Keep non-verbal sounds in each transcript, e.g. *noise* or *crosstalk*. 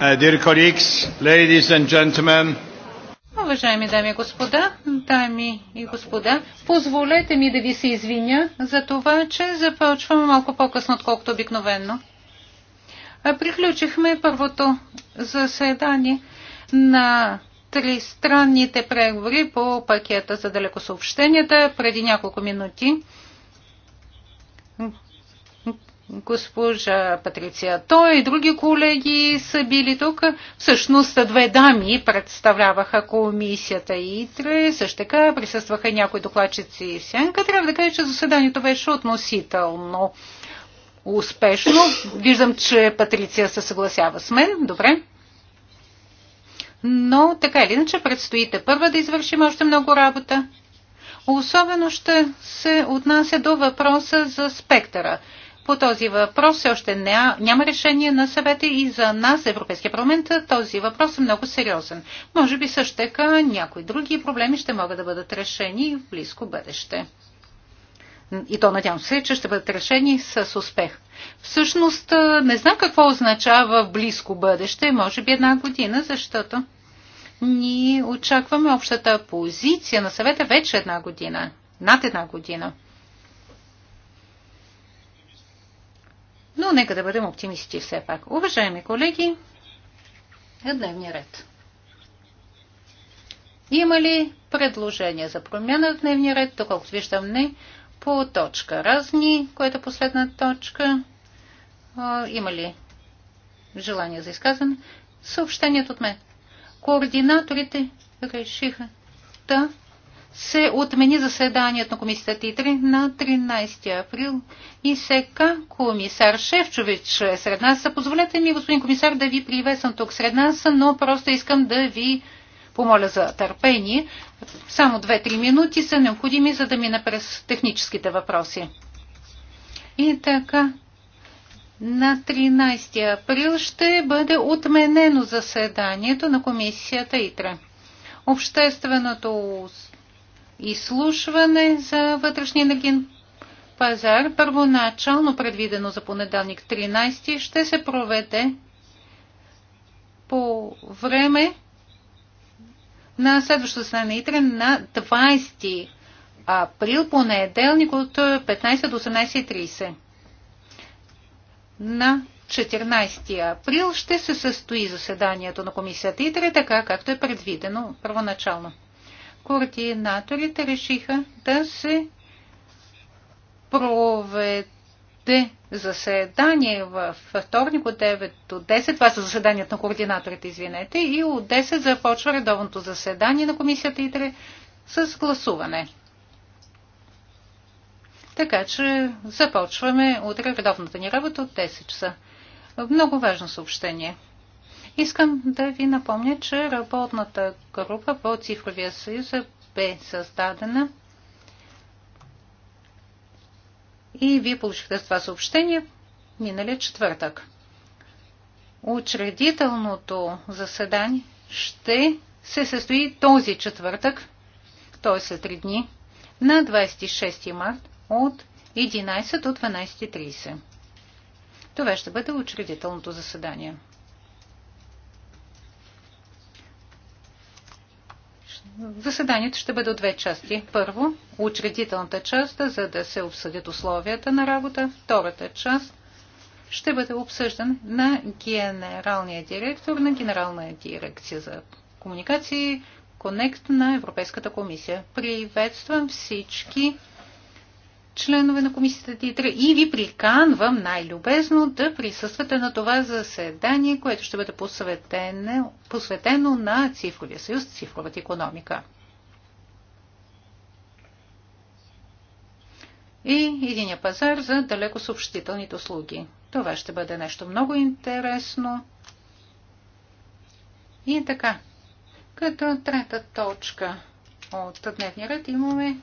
Uh, Уважаеми дами и господа, дами и господа, позволете ми да ви се извиня за това, че започваме малко по-късно, отколкото обикновено. Приключихме първото заседание на тристранните преговори по пакета за далекосъобщенията преди няколко минути госпожа Патриция Той и други колеги са били тук. Всъщност две дами представляваха комисията ИТРЕ, също така присъстваха някои докладчици и сянка. Трябва да кажа, че заседанието беше относително успешно. Виждам, че Патриция се съгласява с мен. Добре. Но така или иначе предстоите първа да извършим още много работа. Особено ще се отнася до въпроса за спектъра. По този въпрос все още няма решение на съвета и за нас, Европейския парламент, този въпрос е много сериозен. Може би също така някои други проблеми ще могат да бъдат решени в близко бъдеще. И то надявам се, че ще бъдат решени с успех. Всъщност не знам какво означава в близко бъдеще, може би една година, защото ние очакваме общата позиция на съвета вече една година, над една година. Но нека да бъдем оптимисти все пак. Уважаеми колеги, е дневния ред. Има ли предложения за промяна в дневния ред? Доколкото виждам не. По точка разни, което е последна точка. Има ли желание за изказване? Съобщението от мен. Координаторите решиха да се отмени заседанието на комисията ТИТРИ на 13 април и сега комисар Шевчович е сред нас. Позволете ми, господин комисар, да ви привесам тук сред нас, но просто искам да ви помоля за търпение. Само 2-3 минути са необходими, за да мина през техническите въпроси. И така, на 13 април ще бъде отменено заседанието на комисията ИТРА. Общественото изслушване за вътрешния енергиен пазар, първоначално предвидено за понеделник 13, ще се проведе по време на следващото заседание ИТРЕ на 20 април, понеделник от 15 до 18.30. На 14 април ще се състои заседанието на комисията ИТРЕ, така както е предвидено първоначално координаторите решиха да се проведе заседание във вторник от 9 до 10. Това са заседанията на координаторите, извинете. И от 10 започва редовното заседание на комисията ИТРЕ с гласуване. Така че започваме утре редовната ни работа от 10 часа. Много важно съобщение. Искам да ви напомня, че работната група по цифровия съюз бе създадена и вие получихте с това съобщение миналия четвъртък. Учредителното заседание ще се състои този четвъртък, т.е. след 3 дни, на 26 март от 11 до 12.30. Това ще бъде учредителното заседание. Заседанието ще бъде от две части. Първо, учредителната част, за да се обсъдят условията на работа. Втората част ще бъде обсъждан на генералния директор на Генерална дирекция за комуникации Конект на Европейската комисия. Приветствам всички членове на комисията Титра и ви приканвам най-любезно да присъствате на това заседание, което ще бъде посветено, посветено на цифровия съюз, цифровата економика. И единия пазар за далеко съобщителните услуги. Това ще бъде нещо много интересно. И така, като трета точка от дневния ред имаме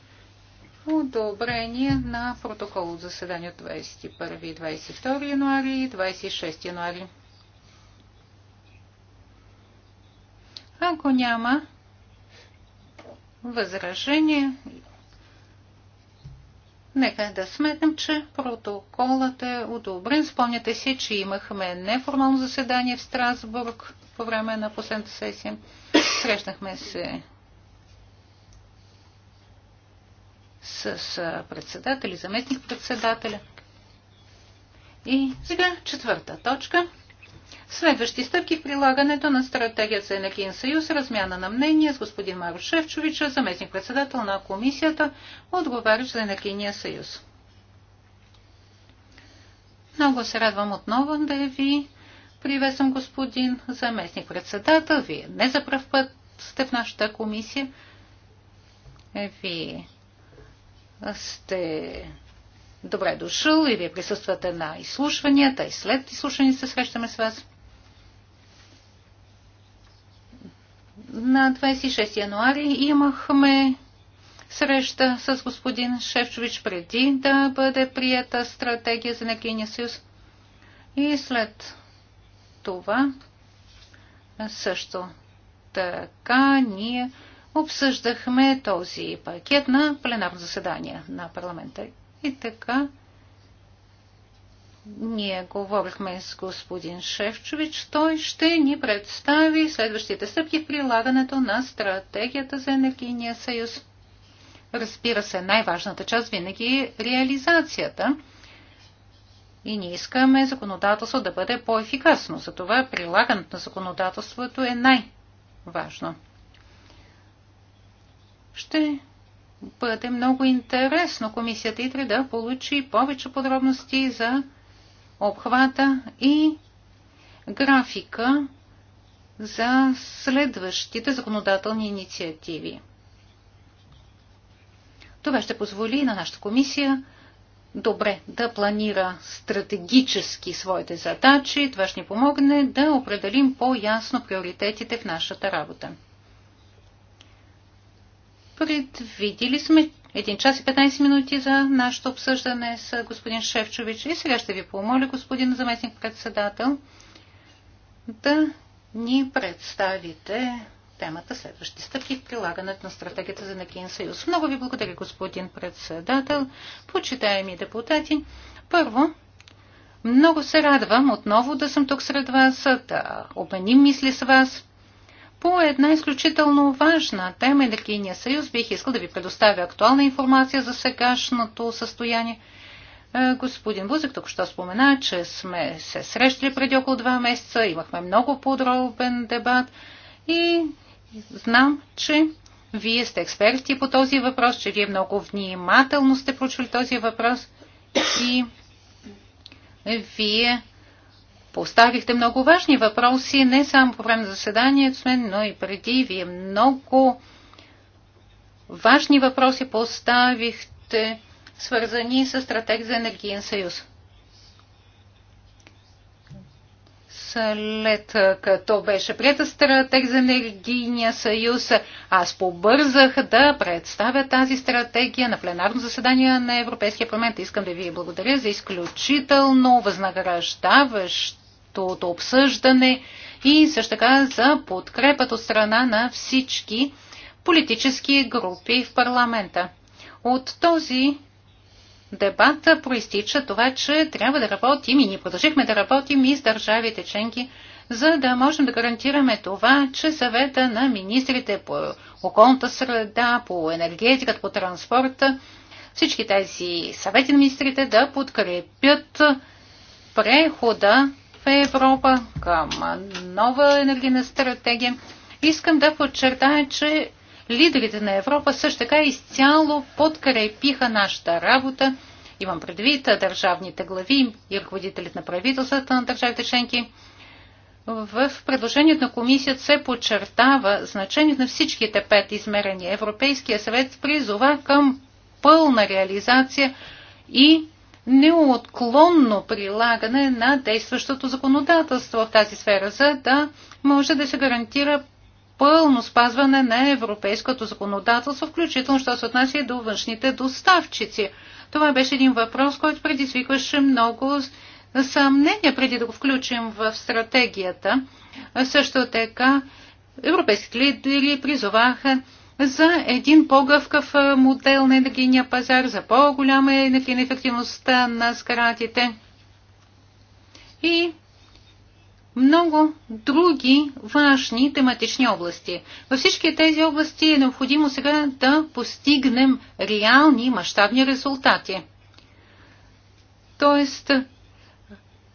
одобрение на протокол от заседание от 21 22 януари и 26 януари. Ако няма възражение, нека да сметнем, че протоколът е одобрен. Спомняте си, че имахме неформално заседание в Страсбург по време на последната сесия. Срещнахме се с председател и заместник-председателя. И сега четвърта точка. Следващи стъпки в прилагането на стратегията за енергиен съюз, размяна на мнение с господин Маро Шевчович, заместник-председател на комисията, отговарящ за енергийния съюз. Много се радвам отново да ви приветствам, господин заместник-председател. Вие не за пръв път сте в нашата комисия. Е, Вие сте добре дошъл и вие присъствате на изслушванията и след изслушванията се срещаме с вас. На 26 януари имахме среща с господин Шевчович преди да бъде прията стратегия за енергийния съюз. И след това също така ние обсъждахме този пакет на пленарно заседание на парламента. И така, ние говорихме с господин Шевчович. Той ще ни представи следващите стъпки в прилагането на стратегията за енергийния съюз. Разбира се, най-важната част винаги е реализацията. И ние искаме законодателство да бъде по-ефикасно. Затова прилагането на законодателството е най-важно. Ще бъде много интересно комисията ИТРИ да получи повече подробности за обхвата и графика за следващите законодателни инициативи. Това ще позволи на нашата комисия добре да планира стратегически своите задачи. Това ще ни помогне да определим по-ясно приоритетите в нашата работа. Предвидили сме 1 час и 15 минути за нашето обсъждане с господин Шевчович. И сега ще ви помоля, господин заместник председател, да ни представите темата следващи стъпки в прилагането на стратегията за Накин съюз. Много ви благодаря, господин председател, почитаеми депутати. Първо, много се радвам отново да съм тук сред вас, да обменим мисли с вас по една изключително важна тема Енергийния съюз. Бих искал да ви предоставя актуална информация за сегашното състояние. Е, господин Бузик току-що спомена, че сме се срещали преди около два месеца, имахме много подробен дебат и знам, че вие сте експерти по този въпрос, че вие много внимателно сте прочели този въпрос и вие Поставихте много важни въпроси, не само по време на заседанието с мен, но и преди. Вие много важни въпроси поставихте, свързани с стратегия за енергиен съюз. след като беше прията стратегия за енергийния съюз, аз побързах да представя тази стратегия на пленарно заседание на Европейския парламент. Искам да ви благодаря за изключително възнаграждаващ от обсъждане и също така за подкрепата от страна на всички политически групи в парламента. От този дебат проистича това, че трябва да работим и ние продължихме да работим и с държавите членки, за да можем да гарантираме това, че съвета на министрите по околната среда, по енергетиката, по транспорта, всички тези съвети на министрите да подкрепят прехода Европа, към нова енергийна стратегия. Искам да подчертая, че лидерите на Европа също така изцяло подкрепиха нашата работа. Имам предвид държавните глави и ръководителите на правителствата на държавите членки. В предложението на комисията се подчертава значението на всичките пет измерения. Европейския съвет призова към пълна реализация и неотклонно прилагане на действащото законодателство в тази сфера, за да може да се гарантира пълно спазване на европейското законодателство, включително що се отнася и до външните доставчици. Това беше един въпрос, който предизвикваше много съмнения преди да го включим в стратегията. Също така европейските лидери призоваха за един по-гъвкав модел на енергийния пазар, за по-голяма енергийна ефективността на скаратите и много други важни тематични области. Във всички тези области е необходимо сега да постигнем реални мащабни резултати. Тоест,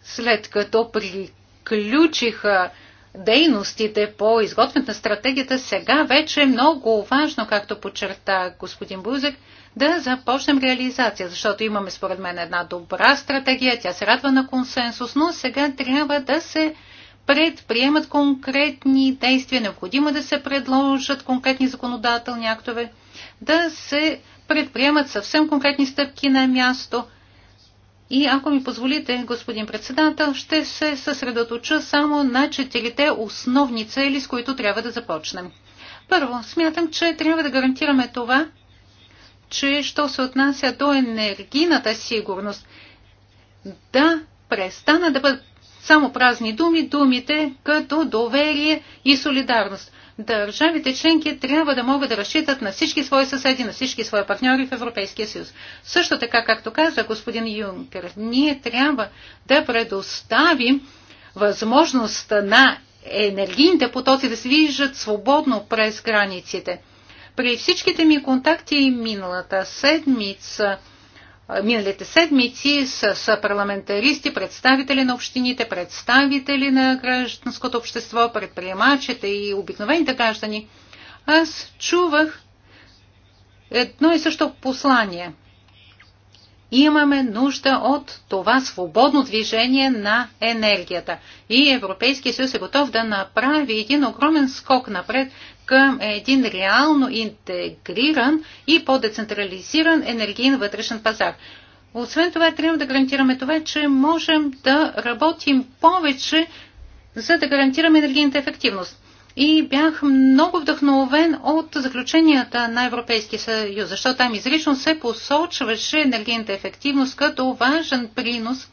след като приключиха дейностите по изготвянето на стратегията, сега вече е много важно, както подчерта господин Бузек, да започнем реализация, защото имаме според мен една добра стратегия, тя се радва на консенсус, но сега трябва да се предприемат конкретни действия, необходимо е да се предложат конкретни законодателни актове, да се предприемат съвсем конкретни стъпки на място – и ако ми позволите, господин председател, ще се съсредоточа само на четирите основни цели, с които трябва да започнем. Първо, смятам, че трябва да гарантираме това, че що се отнася до енергийната сигурност, да престана да бъдат само празни думи, думите като доверие и солидарност държавите членки трябва да могат да разчитат на всички свои съседи, на всички свои партньори в Европейския съюз. Също така, както каза господин Юнкер, ние трябва да предоставим възможност на енергийните потоци да се движат свободно през границите. При всичките ми контакти миналата седмица – миналите седмици с парламентаристи, представители на общините, представители на гражданското общество, предприемачите и обикновените граждани, аз чувах едно и също послание. Имаме нужда от това свободно движение на енергията. И Европейския съюз е готов да направи един огромен скок напред, към е един реално интегриран и по-децентрализиран енергиен вътрешен пазар. Освен това, трябва да гарантираме това, че можем да работим повече, за да гарантираме енергийната ефективност. И бях много вдъхновен от заключенията на Европейския съюз, защото там изрично се посочваше енергийната ефективност като важен принос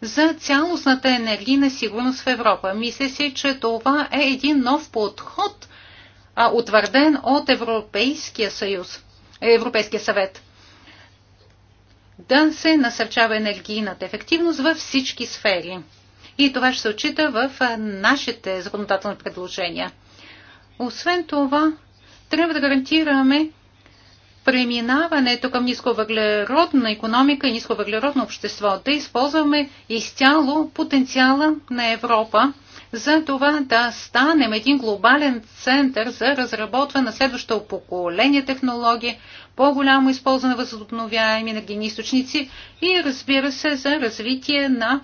за цялостната енергийна сигурност в Европа. Мисля си, че това е един нов подход а, утвърден от Европейския съюз, е, Европейския съвет. Да се насърчава енергийната ефективност във всички сфери. И това ще се отчита в нашите законодателни предложения. Освен това, трябва да гарантираме преминаването към нисковъглеродна економика и нисковъглеродно общество, да използваме изцяло потенциала на Европа за това да станем един глобален център за разработване на следващото поколение технологии, по-голямо използване на възобновяеми енергийни източници и разбира се за развитие на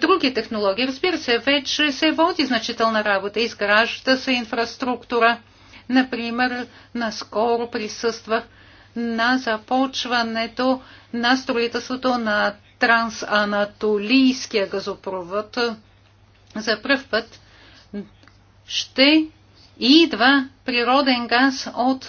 други технологии. Разбира се, вече се води значителна работа, изгражда се инфраструктура. Например, наскоро присъствах на започването на строителството на трансанатолийския газопровод, за пръв път ще идва природен газ от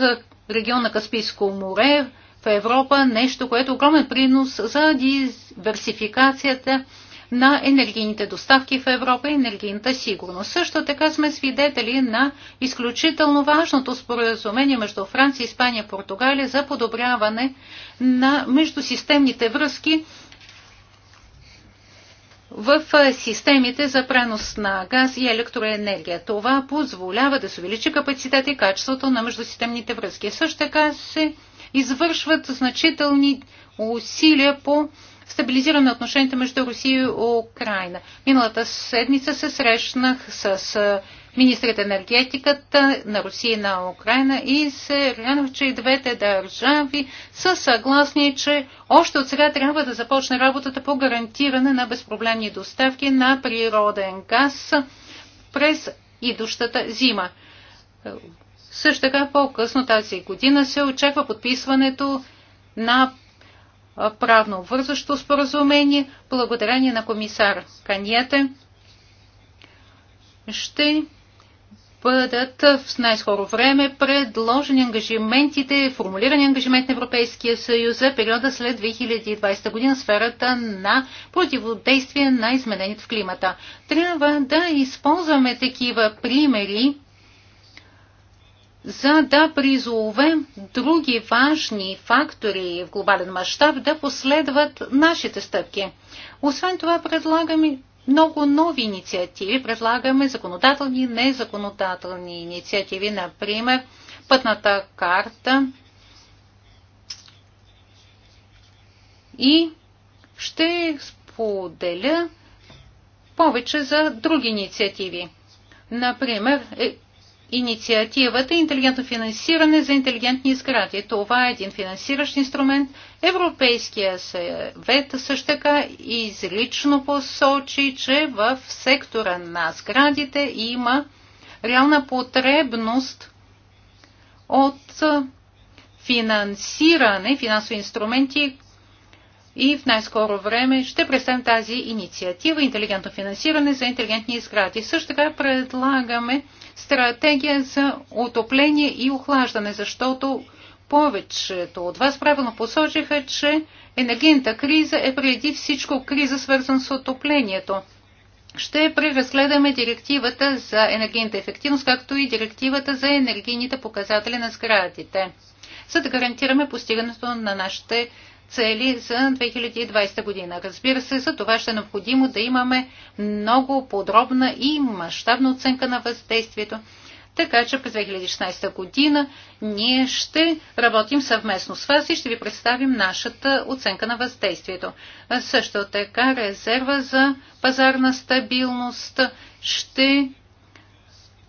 региона Каспийско море в Европа, нещо, което е огромен принос за диверсификацията на енергийните доставки в Европа и енергийната сигурност. Също така сме свидетели на изключително важното споразумение между Франция, Испания и Португалия за подобряване на междусистемните връзки в системите за пренос на газ и електроенергия. Това позволява да се увеличи капацитет и качеството на междусистемните връзки. Също така се извършват значителни усилия по стабилизиране на отношенията между Русия и Украина. Миналата седмица се срещнах с министрите енергетиката на Русия и на Украина и се радвам, че и двете държави са съгласни, че още от сега трябва да започне работата по гарантиране на безпроблемни доставки на природен газ през идущата зима. Също така по-късно тази година се очаква подписването на правно вързащо споразумение, благодарение на комисар Каньете, ще бъдат в най-скоро време предложени ангажиментите, формулирани ангажимент на Европейския съюз за периода след 2020 година в сферата на противодействие на изменението в климата. Трябва да използваме такива примери, за да призовем други важни фактори в глобален мащаб да последват нашите стъпки. Освен това предлагаме много нови инициативи. Предлагаме законодателни и незаконодателни инициативи, например пътната карта и ще споделя повече за други инициативи. Например, е, инициативата Интелигентно финансиране за интелигентни сгради. Това е един финансиращ инструмент. Европейския съвет също така изрично посочи, че в сектора на сградите има реална потребност от финансиране, финансови инструменти и в най-скоро време ще представим тази инициатива интелигентно финансиране за интелигентни сгради. Също така предлагаме стратегия за отопление и охлаждане, защото повечето от вас правилно посочиха, че енергийната криза е преди всичко криза свързана с отоплението. Ще преразгледаме директивата за енергийната ефективност, както и директивата за енергийните показатели на сградите, за да гарантираме постигането на нашите цели за 2020 година. Разбира се, за това ще е необходимо да имаме много подробна и мащабна оценка на въздействието. Така че през 2016 година ние ще работим съвместно с вас и ще ви представим нашата оценка на въздействието. Също така резерва за пазарна стабилност ще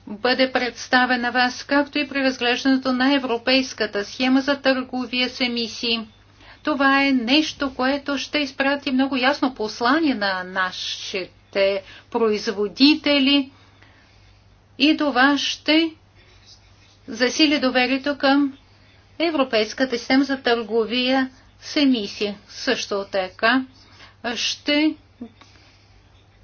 бъде представена вас, както и при разглеждането на европейската схема за търговия с емисии. Това е нещо, което ще изпрати много ясно послание на нашите производители и това ще засили доверието към Европейската система за търговия с емисии. Също така ще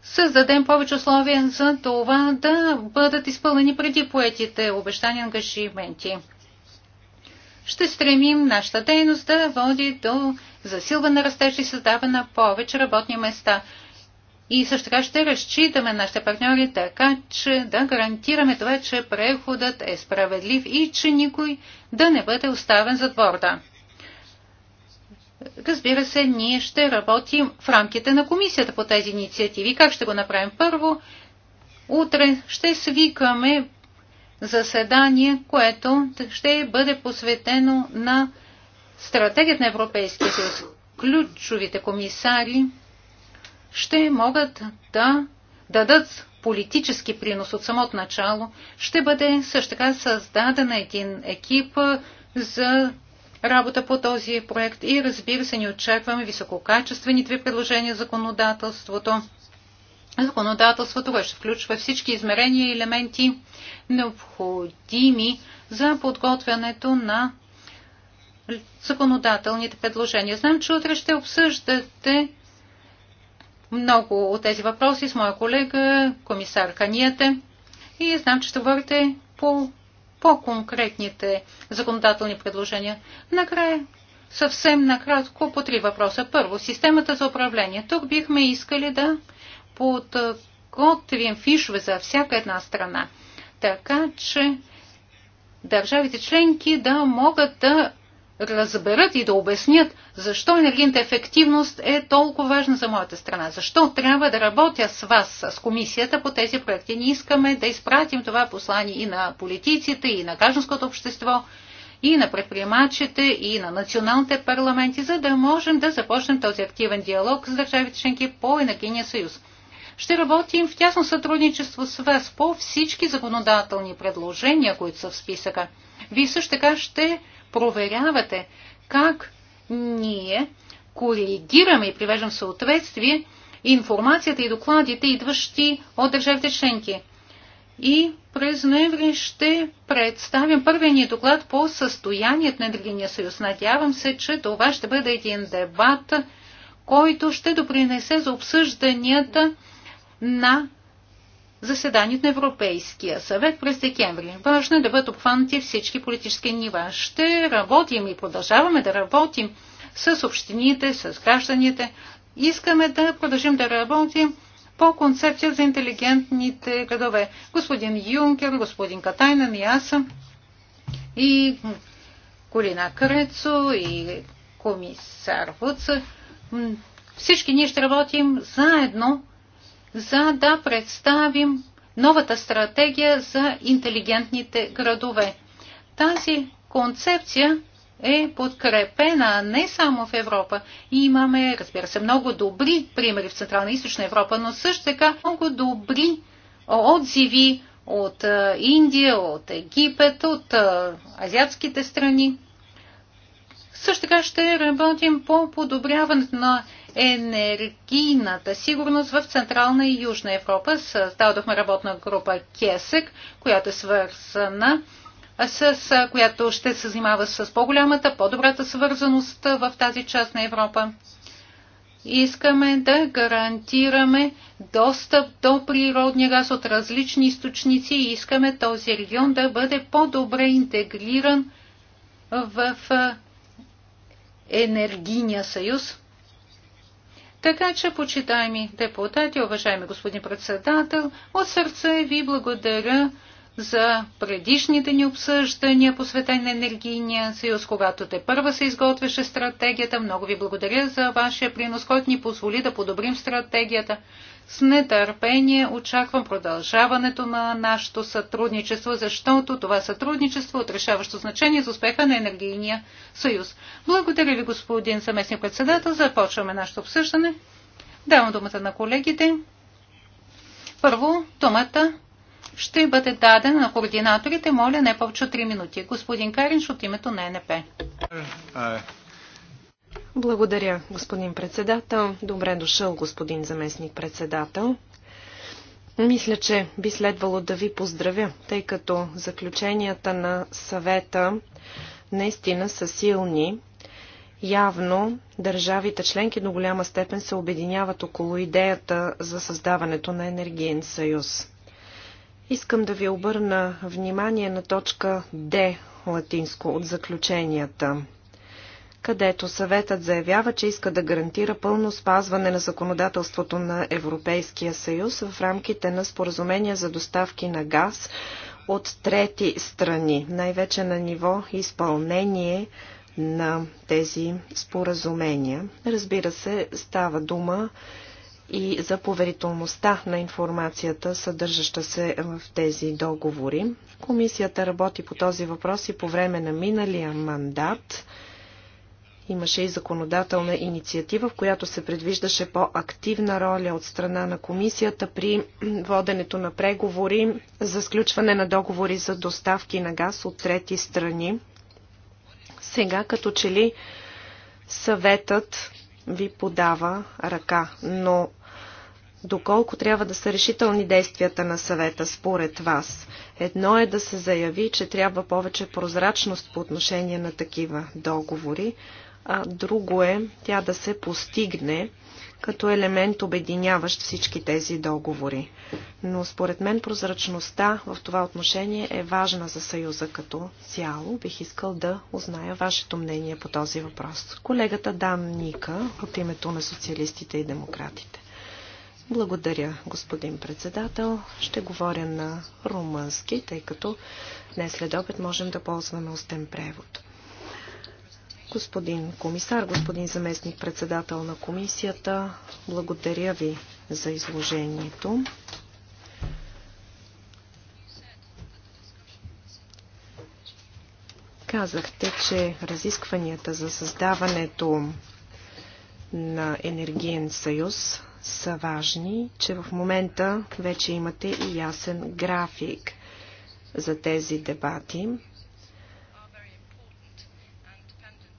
създадем повече условия за това да бъдат изпълнени преди поетите обещания ангажименти ще стремим нашата дейност да води до засилване на растеж и създаване на повече работни места. И също така ще разчитаме нашите партньори така, че да гарантираме това, че преходът е справедлив и че никой да не бъде оставен за борда. Разбира се, ние ще работим в рамките на комисията по тези инициативи. Как ще го направим? Първо, утре ще свикаме заседание, което ще бъде посветено на стратегията на Европейския съюз. Ключовите комисари ще могат да дадат политически принос от самото начало. Ще бъде също така създаден един екип за работа по този проект и разбира се, ни очакваме висококачествените ви предложения за законодателството законодателството, ще включва всички измерения и елементи, необходими за подготвянето на законодателните предложения. Знам, че утре ще обсъждате много от тези въпроси с моя колега, комисар Каниете. И знам, че ще говорите по по-конкретните законодателни предложения. Накрая, съвсем накратко по три въпроса. Първо, системата за управление. Тук бихме искали да подготвим фишове за всяка една страна, така че държавите членки да могат да разберат и да обяснят защо енергийната ефективност е толкова важна за моята страна. Защо трябва да работя с вас, с комисията по тези проекти. Ние искаме да изпратим това послание и на политиците, и на гражданското общество, и на предприемачите, и на националните парламенти, за да можем да започнем този активен диалог с държавите членки по енергийния съюз. Ще работим в тясно сътрудничество с вас по всички законодателни предложения, които са в списъка. Вие също така ще проверявате как ние коригираме и привеждам в съответствие информацията и докладите, идващи от държавите членки. И през ноември ще представим първия ни доклад по състоянието на Енергийния съюз. Надявам се, че това ще бъде един дебат, който ще допринесе за обсъжданията на заседанието на Европейския съвет през декември. Важно е да бъдат обхванати всички политически нива. Ще работим и продължаваме да работим с общините, с гражданите. Искаме да продължим да работим по концепция за интелигентните градове. Господин Юнкер, господин Катайнен и аз и Колина Крецо и комисар Вуца. Всички ние ще работим заедно за да представим новата стратегия за интелигентните градове. Тази концепция е подкрепена не само в Европа. И имаме, разбира се, много добри примери в Централна и Източна Европа, но също така много добри отзиви от е, Индия, от Египет, от е, азиатските страни. Също така ще работим по подобряването на енергийната сигурност в Централна и Южна Европа. Създадохме работна група КЕСЕК, която е свързана с която ще се занимава с по-голямата, по-добрата свързаност в тази част на Европа. Искаме да гарантираме достъп до природния газ от различни източници и искаме този регион да бъде по-добре интегриран в енергийния съюз. Така че, почитаеми депутати, уважаеми господин председател, от сърце ви благодаря за предишните ни обсъждания, посветени на енергийния съюз, когато те първа се изготвяше стратегията. Много ви благодаря за вашия принос, който ни позволи да подобрим стратегията. С нетърпение очаквам продължаването на нашето сътрудничество, защото това сътрудничество е от решаващо значение за успеха на Енергийния съюз. Благодаря ви, господин съместник председател. Започваме нашето обсъждане. Давам думата на колегите. Първо, думата ще бъде дадена на координаторите. Моля, не повече от 3 минути. Господин Каринш от името на НП. Е, е, благодаря, господин председател. Добре дошъл, господин заместник председател. Мисля, че би следвало да ви поздравя, тъй като заключенията на съвета наистина са силни. Явно държавите членки до голяма степен се обединяват около идеята за създаването на енергиен съюз. Искам да ви обърна внимание на точка Д латинско от заключенията – където съветът заявява, че иска да гарантира пълно спазване на законодателството на Европейския съюз в рамките на споразумения за доставки на газ от трети страни, най-вече на ниво изпълнение на тези споразумения. Разбира се, става дума и за поверителността на информацията, съдържаща се в тези договори. Комисията работи по този въпрос и по време на миналия мандат. Имаше и законодателна инициатива, в която се предвиждаше по-активна роля от страна на комисията при *clears throat* воденето на преговори за сключване на договори за доставки на газ от трети страни. Сега като че ли съветът ви подава ръка, но доколко трябва да са решителни действията на съвета според вас. Едно е да се заяви, че трябва повече прозрачност по отношение на такива договори, а друго е тя да се постигне като елемент обединяващ всички тези договори. Но според мен прозрачността в това отношение е важна за Съюза като цяло. Бих искал да узная вашето мнение по този въпрос. Колегата Дан Ника от името на социалистите и демократите. Благодаря, господин председател. Ще говоря на румънски, тъй като днес след обед можем да ползваме устен превод. Господин комисар, господин заместник председател на комисията, благодаря ви за изложението. Казахте, че разискванията за създаването на енергиен съюз са важни, че в момента вече имате и ясен график за тези дебати.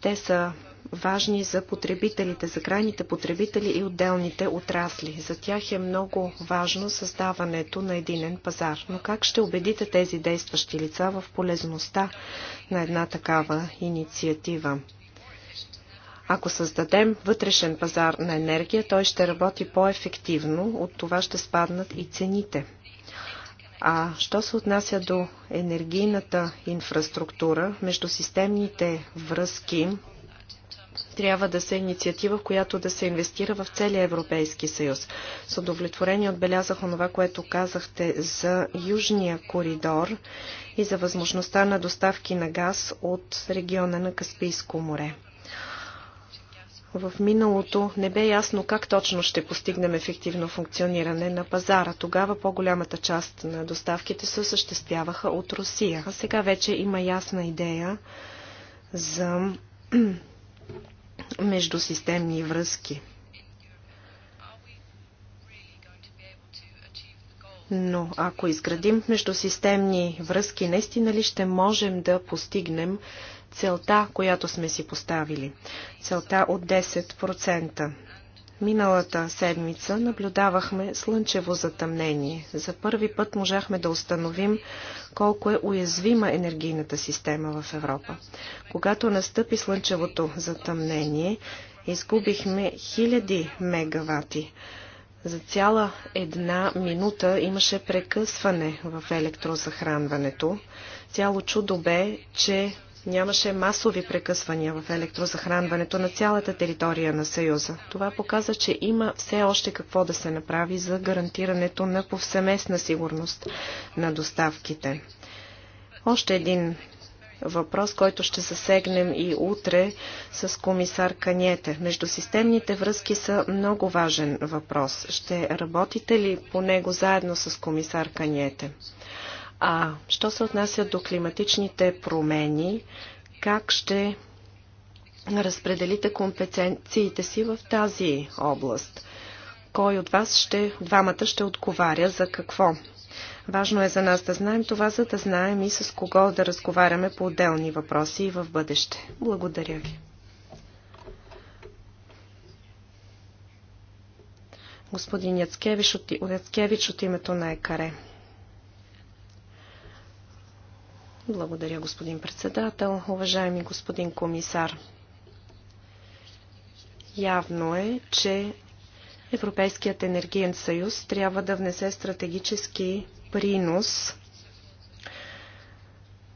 Те са важни за потребителите, за крайните потребители и отделните отрасли. За тях е много важно създаването на единен пазар. Но как ще убедите тези действащи лица в полезността на една такава инициатива? Ако създадем вътрешен пазар на енергия, той ще работи по-ефективно, от това ще спаднат и цените. А що се отнася до енергийната инфраструктура, между системните връзки трябва да се инициатива, в която да се инвестира в целия Европейски съюз. С удовлетворение отбелязах онова, което казахте за Южния коридор и за възможността на доставки на газ от региона на Каспийско море в миналото не бе ясно как точно ще постигнем ефективно функциониране на пазара. Тогава по-голямата част на доставките се осъществяваха от Русия. А сега вече има ясна идея за *clears throat* междусистемни връзки. Но ако изградим междусистемни връзки, наистина ли ще можем да постигнем целта, която сме си поставили. Целта от 10%. Миналата седмица наблюдавахме слънчево затъмнение. За първи път можахме да установим колко е уязвима енергийната система в Европа. Когато настъпи слънчевото затъмнение, изгубихме хиляди мегавати. За цяла една минута имаше прекъсване в електрозахранването. Цяло чудо бе, че Нямаше масови прекъсвания в електрозахранването на цялата територия на Съюза. Това показа, че има все още какво да се направи за гарантирането на повсеместна сигурност на доставките. Още един въпрос, който ще засегнем и утре с комисар Каньете. Междусистемните връзки са много важен въпрос. Ще работите ли по него заедно с комисар Каньете? А що се отнася до климатичните промени, как ще разпределите компетенциите си в тази област? Кой от вас ще, двамата ще отговаря за какво? Важно е за нас да знаем това, за да знаем и с кого да разговаряме по отделни въпроси и в бъдеще. Благодаря ви. Господин Яцкевич от, Яцкевич от името на ЕКАРЕ. Благодаря, господин председател. Уважаеми господин комисар, явно е, че Европейският енергиен съюз трябва да внесе стратегически принос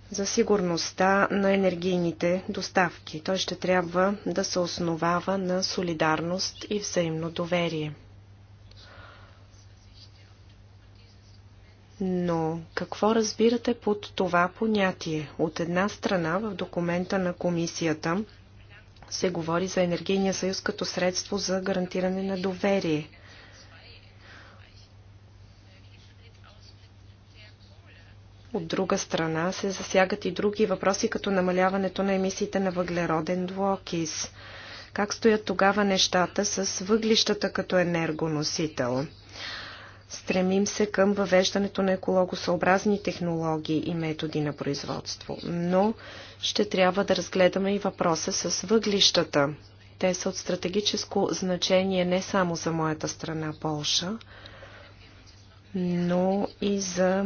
за сигурността на енергийните доставки. Той ще трябва да се основава на солидарност и взаимно доверие. Но какво разбирате под това понятие? От една страна в документа на комисията се говори за енергийния съюз като средство за гарантиране на доверие. От друга страна се засягат и други въпроси, като намаляването на емисиите на въглероден двуокис. Как стоят тогава нещата с въглищата като енергоносител? Стремим се към въвеждането на екологосъобразни технологии и методи на производство, но ще трябва да разгледаме и въпроса с въглищата. Те са от стратегическо значение не само за моята страна Полша, но и за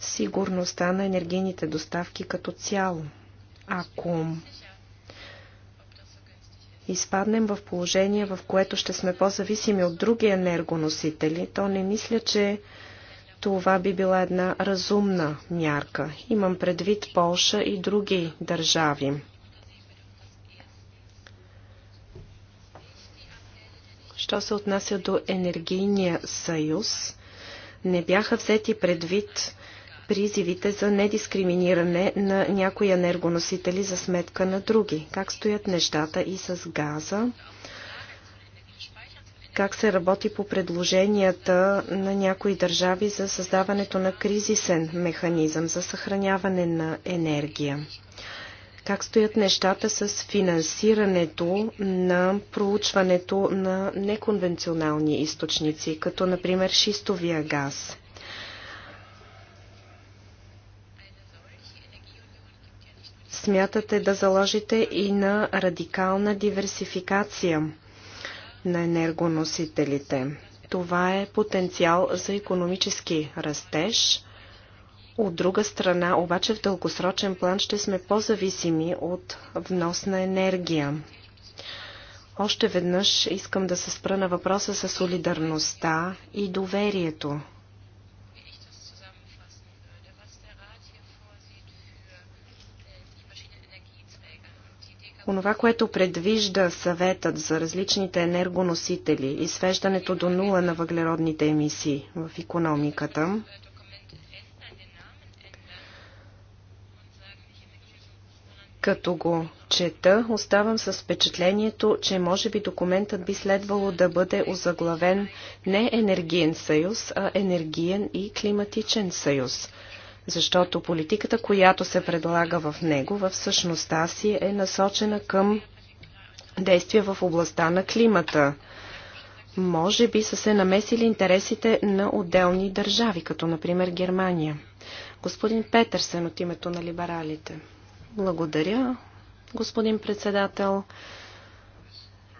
сигурността на енергийните доставки като цяло. Ако изпаднем в положение, в което ще сме по-зависими от други енергоносители, то не мисля, че това би била една разумна мярка. Имам предвид Полша и други държави. Що се отнася до енергийния съюз, не бяха взети предвид призивите за недискриминиране на някои енергоносители за сметка на други? Как стоят нещата и с газа? Как се работи по предложенията на някои държави за създаването на кризисен механизъм за съхраняване на енергия? как стоят нещата с финансирането на проучването на неконвенционални източници, като например шистовия газ. смятате да заложите и на радикална диверсификация на енергоносителите. Това е потенциал за економически растеж. От друга страна, обаче в дългосрочен план ще сме по-зависими от внос на енергия. Още веднъж искам да се спра на въпроса за солидарността и доверието. Онова, което предвижда съветът за различните енергоносители и свеждането до нула на въглеродните емисии в економиката, Като го чета, оставам с впечатлението, че може би документът би следвало да бъде озаглавен не енергиен съюз, а енергиен и климатичен съюз – защото политиката, която се предлага в него, в същността си е насочена към действия в областта на климата. Може би са се намесили интересите на отделни държави, като например Германия. Господин Петърсен от името на либералите. Благодаря, господин председател.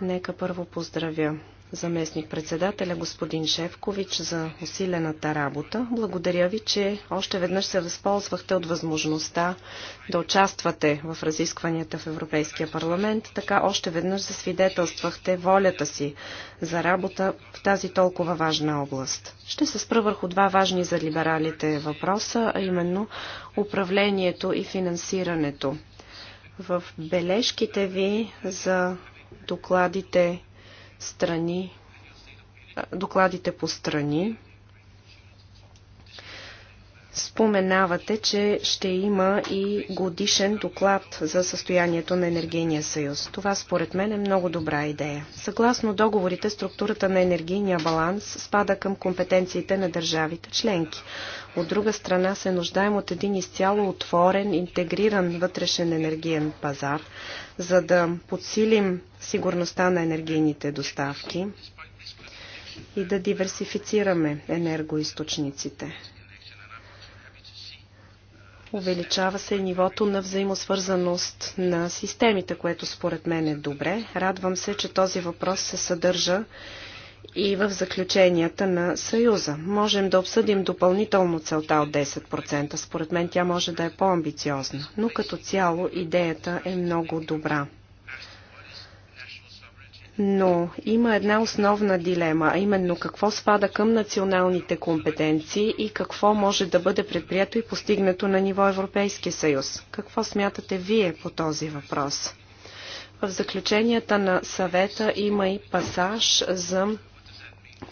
Нека първо поздравя заместник-председателя господин Шевкович за усилената работа. Благодаря ви, че още веднъж се възползвахте от възможността да участвате в разискванията в Европейския парламент. Така още веднъж засвидетелствахте волята си за работа в тази толкова важна област. Ще се спра върху два важни за либералите въпроса, а именно управлението и финансирането. В бележките ви за докладите страни, докладите по страни. Споменавате, че ще има и годишен доклад за състоянието на Енергийния съюз. Това според мен е много добра идея. Съгласно договорите, структурата на енергийния баланс спада към компетенциите на държавите членки. От друга страна се нуждаем от един изцяло отворен, интегриран вътрешен енергиен пазар, за да подсилим сигурността на енергийните доставки и да диверсифицираме енергоисточниците. Увеличава се нивото на взаимосвързаност на системите, което според мен е добре. Радвам се, че този въпрос се съдържа и в заключенията на Съюза. Можем да обсъдим допълнително целта от 10%. Според мен тя може да е по-амбициозна, но като цяло идеята е много добра. Но има една основна дилема, а именно какво спада към националните компетенции и какво може да бъде предприето и постигнато на ниво Европейски съюз. Какво смятате вие по този въпрос? В заключенията на съвета има и пасаж за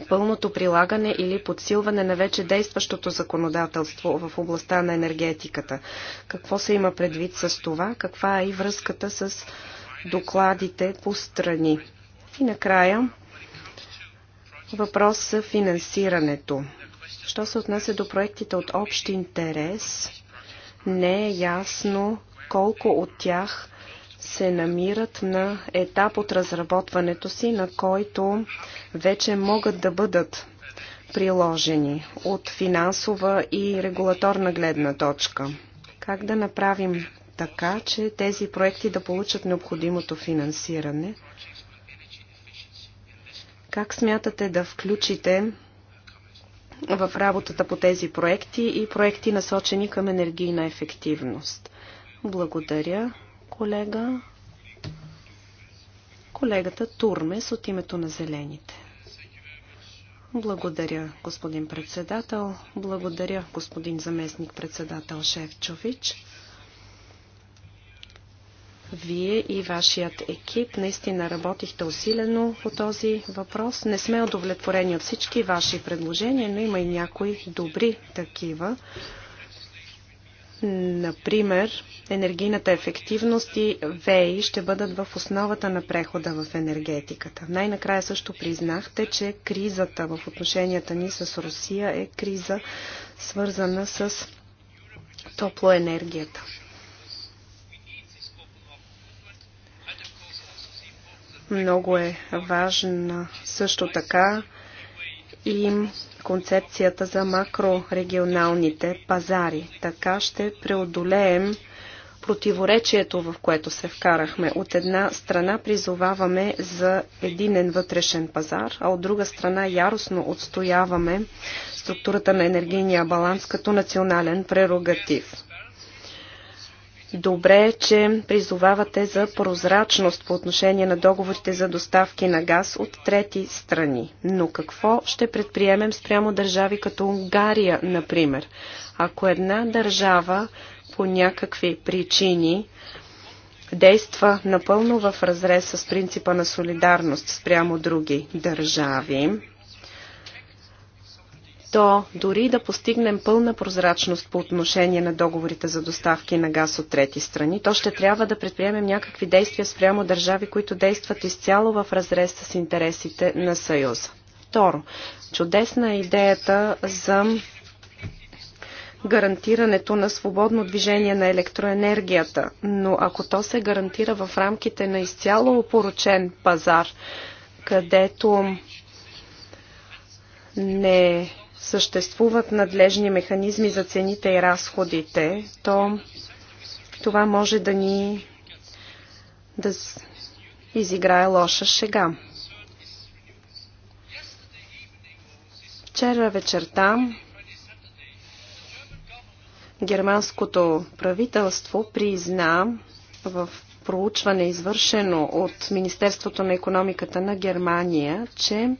пълното прилагане или подсилване на вече действащото законодателство в областта на енергетиката. Какво се има предвид с това? Каква е и връзката с докладите по страни? И накрая въпрос за финансирането. Що се отнася до проектите от общ интерес, не е ясно колко от тях се намират на етап от разработването си, на който вече могат да бъдат приложени от финансова и регулаторна гледна точка. Как да направим така, че тези проекти да получат необходимото финансиране – как смятате да включите в работата по тези проекти и проекти насочени към енергийна ефективност? Благодаря, колега. Колегата Турмес от името на Зелените. Благодаря, господин председател. Благодаря, господин заместник председател Шевчович. Вие и вашият екип наистина работихте усилено по този въпрос. Не сме удовлетворени от всички ваши предложения, но има и някои добри такива. Например, енергийната ефективност и ВЕИ ще бъдат в основата на прехода в енергетиката. Най-накрая също признахте, че кризата в отношенията ни с Русия е криза свързана с топлоенергията. Много е важна също така и концепцията за макрорегионалните пазари. Така ще преодолеем противоречието, в което се вкарахме. От една страна призоваваме за единен вътрешен пазар, а от друга страна яростно отстояваме структурата на енергийния баланс като национален прерогатив. Добре, е, че призовавате за прозрачност по отношение на договорите за доставки на газ от трети страни. Но какво ще предприемем спрямо държави като Унгария, например? Ако една държава по някакви причини действа напълно в разрез с принципа на солидарност спрямо други държави, то дори да постигнем пълна прозрачност по отношение на договорите за доставки на газ от трети страни, то ще трябва да предприемем някакви действия спрямо държави, които действат изцяло в разрез с интересите на Съюза. Второ, чудесна е идеята за гарантирането на свободно движение на електроенергията, но ако то се гарантира в рамките на изцяло опоручен пазар, където не съществуват надлежни механизми за цените и разходите, то това може да ни да изиграе лоша шега. Вчера вечерта германското правителство призна в проучване, извършено от Министерството на економиката на Германия, че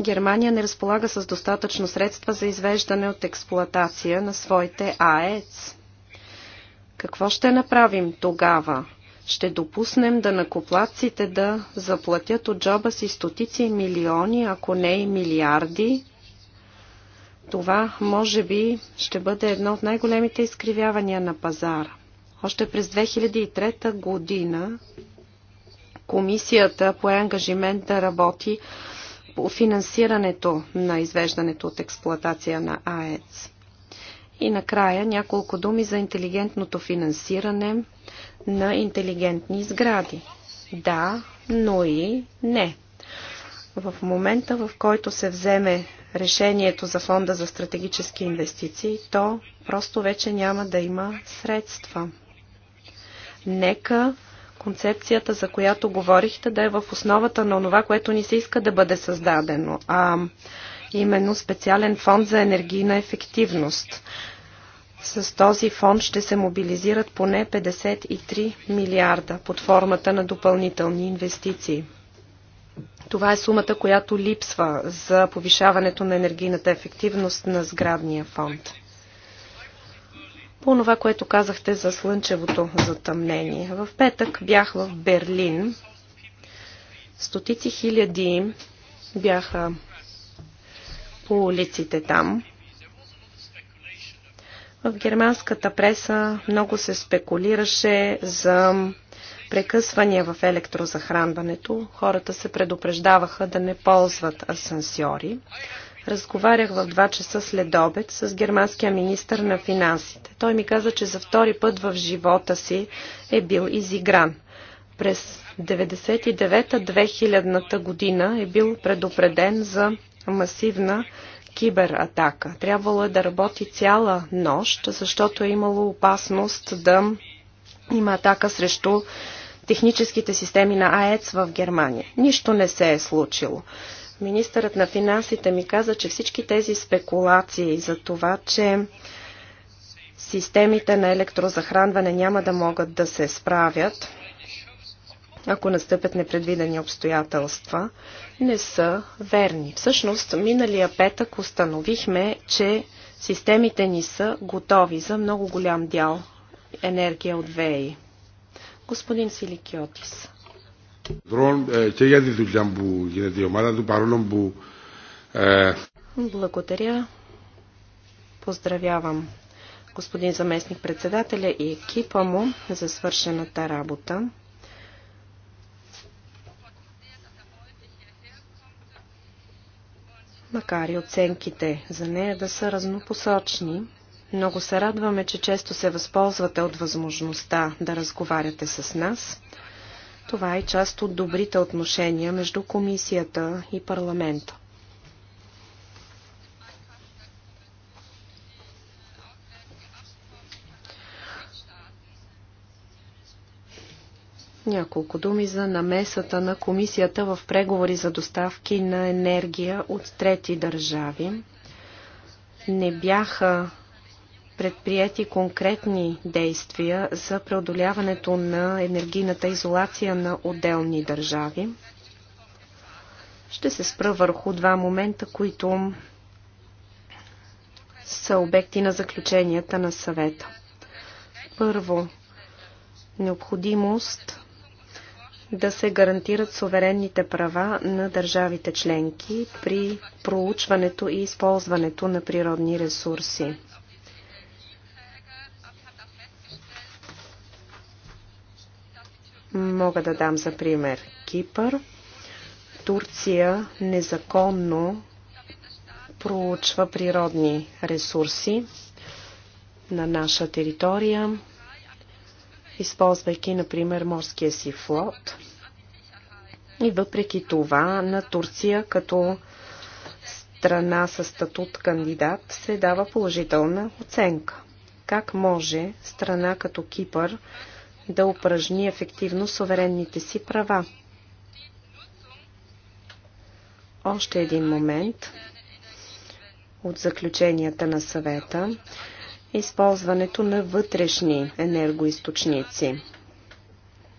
Германия не разполага с достатъчно средства за извеждане от експлоатация на своите АЕЦ. Какво ще направим тогава? Ще допуснем да накоплаците да заплатят от джоба си стотици милиони, ако не и милиарди? Това, може би, ще бъде едно от най-големите изкривявания на пазара. Още през 2003 година комисията пое ангажимент да работи финансирането на извеждането от експлоатация на АЕЦ. И накрая няколко думи за интелигентното финансиране на интелигентни сгради. Да, но и не. В момента, в който се вземе решението за фонда за стратегически инвестиции, то просто вече няма да има средства. Нека концепцията, за която говорихте, да е в основата на това, което ни се иска да бъде създадено, а именно специален фонд за енергийна ефективност. С този фонд ще се мобилизират поне 53 милиарда под формата на допълнителни инвестиции. Това е сумата, която липсва за повишаването на енергийната ефективност на сградния фонд по това, което казахте за слънчевото затъмнение. В петък бях в Берлин. Стотици хиляди бяха по улиците там. В германската преса много се спекулираше за прекъсвания в електрозахранването. Хората се предупреждаваха да не ползват асансьори. Разговарях в 2 часа след обед с германския министр на финансите. Той ми каза, че за втори път в живота си е бил изигран. През 99-2000 година е бил предупреден за масивна кибератака. Трябвало е да работи цяла нощ, защото е имало опасност да има атака срещу техническите системи на АЕЦ в Германия. Нищо не се е случило. Министърът на финансите ми каза, че всички тези спекулации за това, че системите на електрозахранване няма да могат да се справят, ако настъпят непредвидени обстоятелства, не са верни. Всъщност, миналия петък установихме, че системите ни са готови за много голям дял енергия от ВЕИ. Господин Силикиотис. Благодаря. Поздравявам господин заместник председателя и екипа му за свършената работа. Макар и оценките за нея да са разнопосочни, много се радваме, че често се възползвате от възможността да разговаряте с нас – това е част от добрите отношения между комисията и парламента. Няколко думи за намесата на комисията в преговори за доставки на енергия от трети държави. Не бяха предприяти конкретни действия за преодоляването на енергийната изолация на отделни държави. Ще се спра върху два момента, които са обекти на заключенията на съвета. Първо, необходимост да се гарантират суверенните права на държавите членки при проучването и използването на природни ресурси. Мога да дам за пример Кипър. Турция незаконно проучва природни ресурси на наша територия, използвайки, например, морския си флот. И въпреки това на Турция като страна с статут кандидат се дава положителна оценка. Как може страна като Кипър да упражни ефективно суверенните си права. Още един момент от заключенията на съвета използването на вътрешни енергоисточници.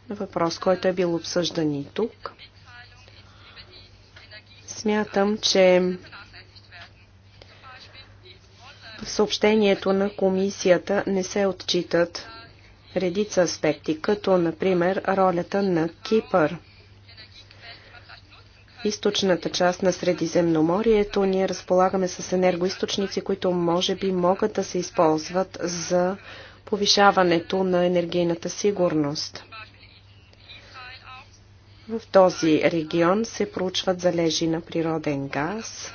Въпрос, който е бил обсъждан и тук. Смятам, че в съобщението на комисията не се отчитат редица аспекти, като например ролята на Кипър. Източната част на Средиземноморието ние разполагаме с енергоисточници, които може би могат да се използват за повишаването на енергийната сигурност. В този регион се проучват залежи на природен газ.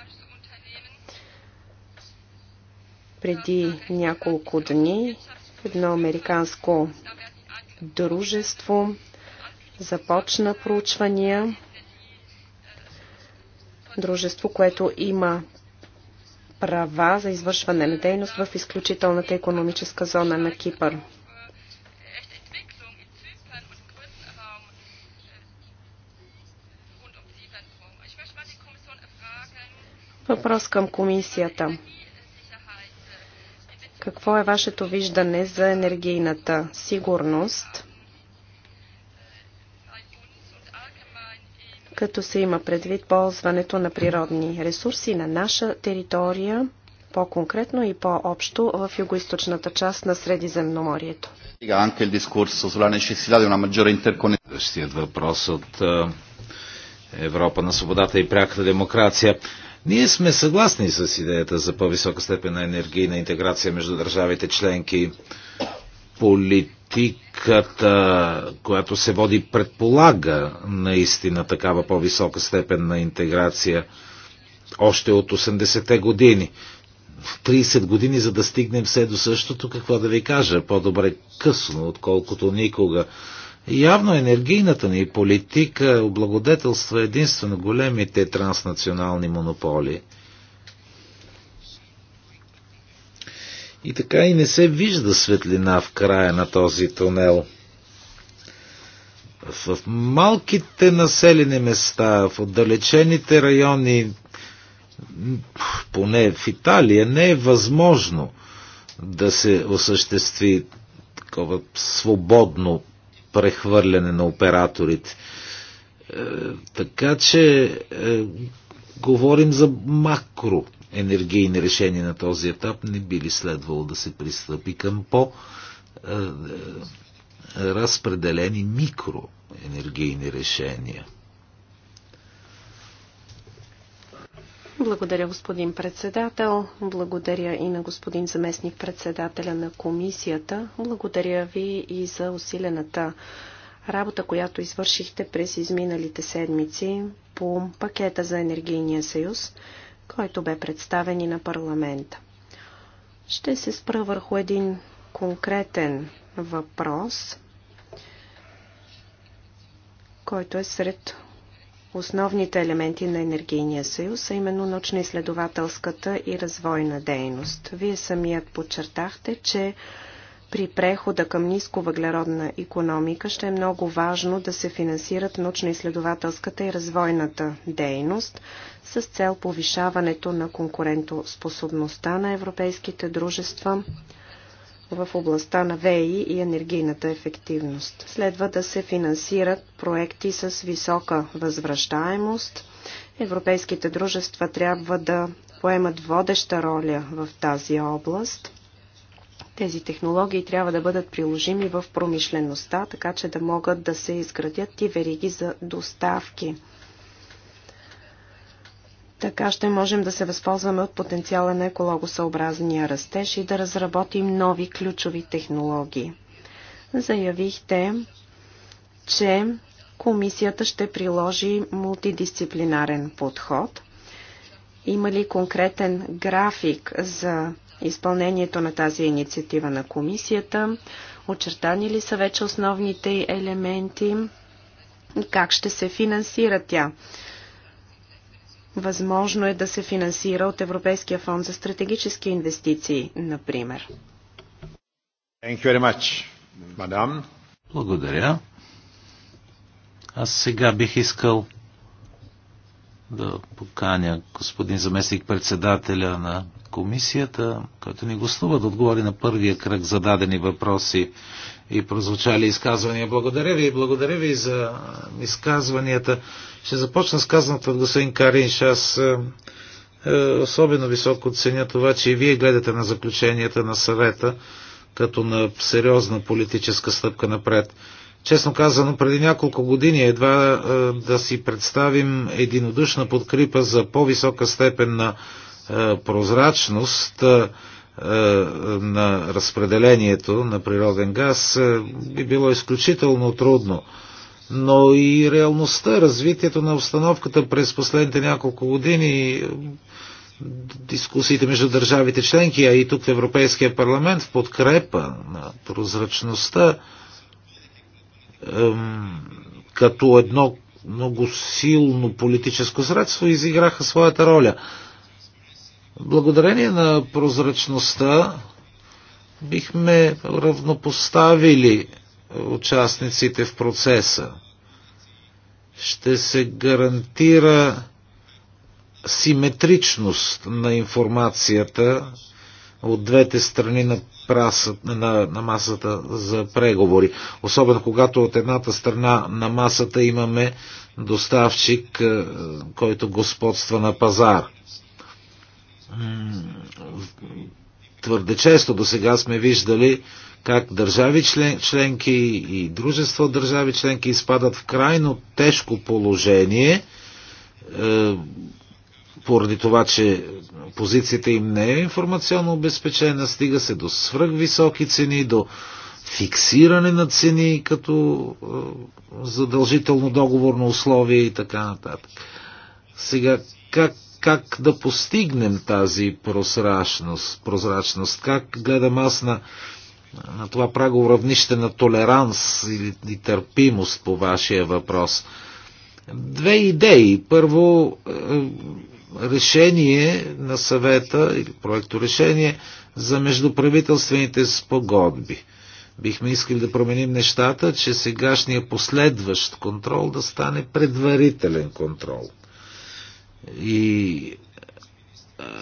Преди няколко дни в едно американско дружество. Започна проучвания. Дружество, което има права за извършване на дейност в изключителната економическа зона на Кипър. Въпрос към комисията. Какво е вашето виждане за енергийната сигурност? като се има предвид ползването на природни ресурси на наша територия, по-конкретно и по-общо в югоизточната част на Средиземноморието. Същият въпрос от е, Европа на свободата и пряката демокрация. Ние сме съгласни с идеята за по-висока степен на енергийна интеграция между държавите членки. Политиката, която се води, предполага наистина такава по-висока степен на интеграция още от 80-те години. 30 години, за да стигнем все до същото, какво да ви кажа, по-добре късно, отколкото никога. Явно енергийната ни политика облагодетелства единствено големите транснационални монополи. И така и не се вижда светлина в края на този тунел. В малките населени места, в отдалечените райони, поне в Италия, не е възможно да се осъществи такова свободно прехвърляне на операторите. Е, така че е, говорим за макро енергийни решения на този етап. Не би ли следвало да се пристъпи към по е, разпределени микроенергийни решения? Благодаря, господин председател. Благодаря и на господин заместник председателя на комисията. Благодаря ви и за усилената работа, която извършихте през изминалите седмици по пакета за енергийния съюз, който бе представен и на парламента. Ще се спра върху един конкретен въпрос, който е сред основните елементи на енергийния съюз, а именно научно-изследователската и развойна дейност. Вие самият подчертахте, че при прехода към ниско въглеродна економика ще е много важно да се финансират научно-изследователската и развойната дейност с цел повишаването на конкурентоспособността на европейските дружества, в областта на ВЕИ и енергийната ефективност. Следва да се финансират проекти с висока възвръщаемост. Европейските дружества трябва да поемат водеща роля в тази област. Тези технологии трябва да бъдат приложими в промишлеността, така че да могат да се изградят и вериги за доставки. Така ще можем да се възползваме от потенциала на екологосъобразния растеж и да разработим нови ключови технологии. Заявихте, че комисията ще приложи мултидисциплинарен подход. Има ли конкретен график за изпълнението на тази инициатива на комисията? Очертани ли са вече основните елементи? Как ще се финансира тя? Възможно е да се финансира от Европейския фонд за стратегически инвестиции, например. Thank you very much, madam. Благодаря. Аз сега бих искал да поканя господин заместник председателя на комисията, който ни гостува да отговори на първия кръг зададени въпроси и прозвучали изказвания. Благодаря ви и благодаря ви за изказванията. Ще започна с казаното от господин Каринш. Аз е, е, особено високо ценя това, че и вие гледате на заключенията на съвета като на сериозна политическа стъпка напред. Честно казано, преди няколко години едва е, да си представим единодушна подкрепа за по-висока степен на е, прозрачност. Е, е, на разпределението на природен газ е, би било изключително трудно. Но и реалността, развитието на обстановката през последните няколко години, е, дискусиите между държавите членки, а и тук в Европейския парламент в подкрепа на прозрачността, като едно много силно политическо средство изиграха своята роля. Благодарение на прозрачността бихме равнопоставили участниците в процеса. Ще се гарантира симетричност на информацията от двете страни на, праса, на, на масата за преговори. Особено когато от едната страна на масата имаме доставчик, е, който господства на пазар твърде често до сега сме виждали как държави член, членки и дружество от държави членки изпадат в крайно тежко положение е, поради това, че позицията им не е информационно обезпечена, стига се до свръхвисоки цени, до фиксиране на цени като е, задължително договорно условие и така нататък. Сега, как как да постигнем тази прозрачност, прозрачност как гледам аз на, на това прагово равнище на толеранс или, и търпимост по вашия въпрос. Две идеи. Първо, е, решение на съвета или проекто решение за междуправителствените спогодби. Бихме искали да променим нещата, че сегашният последващ контрол да стане предварителен контрол – и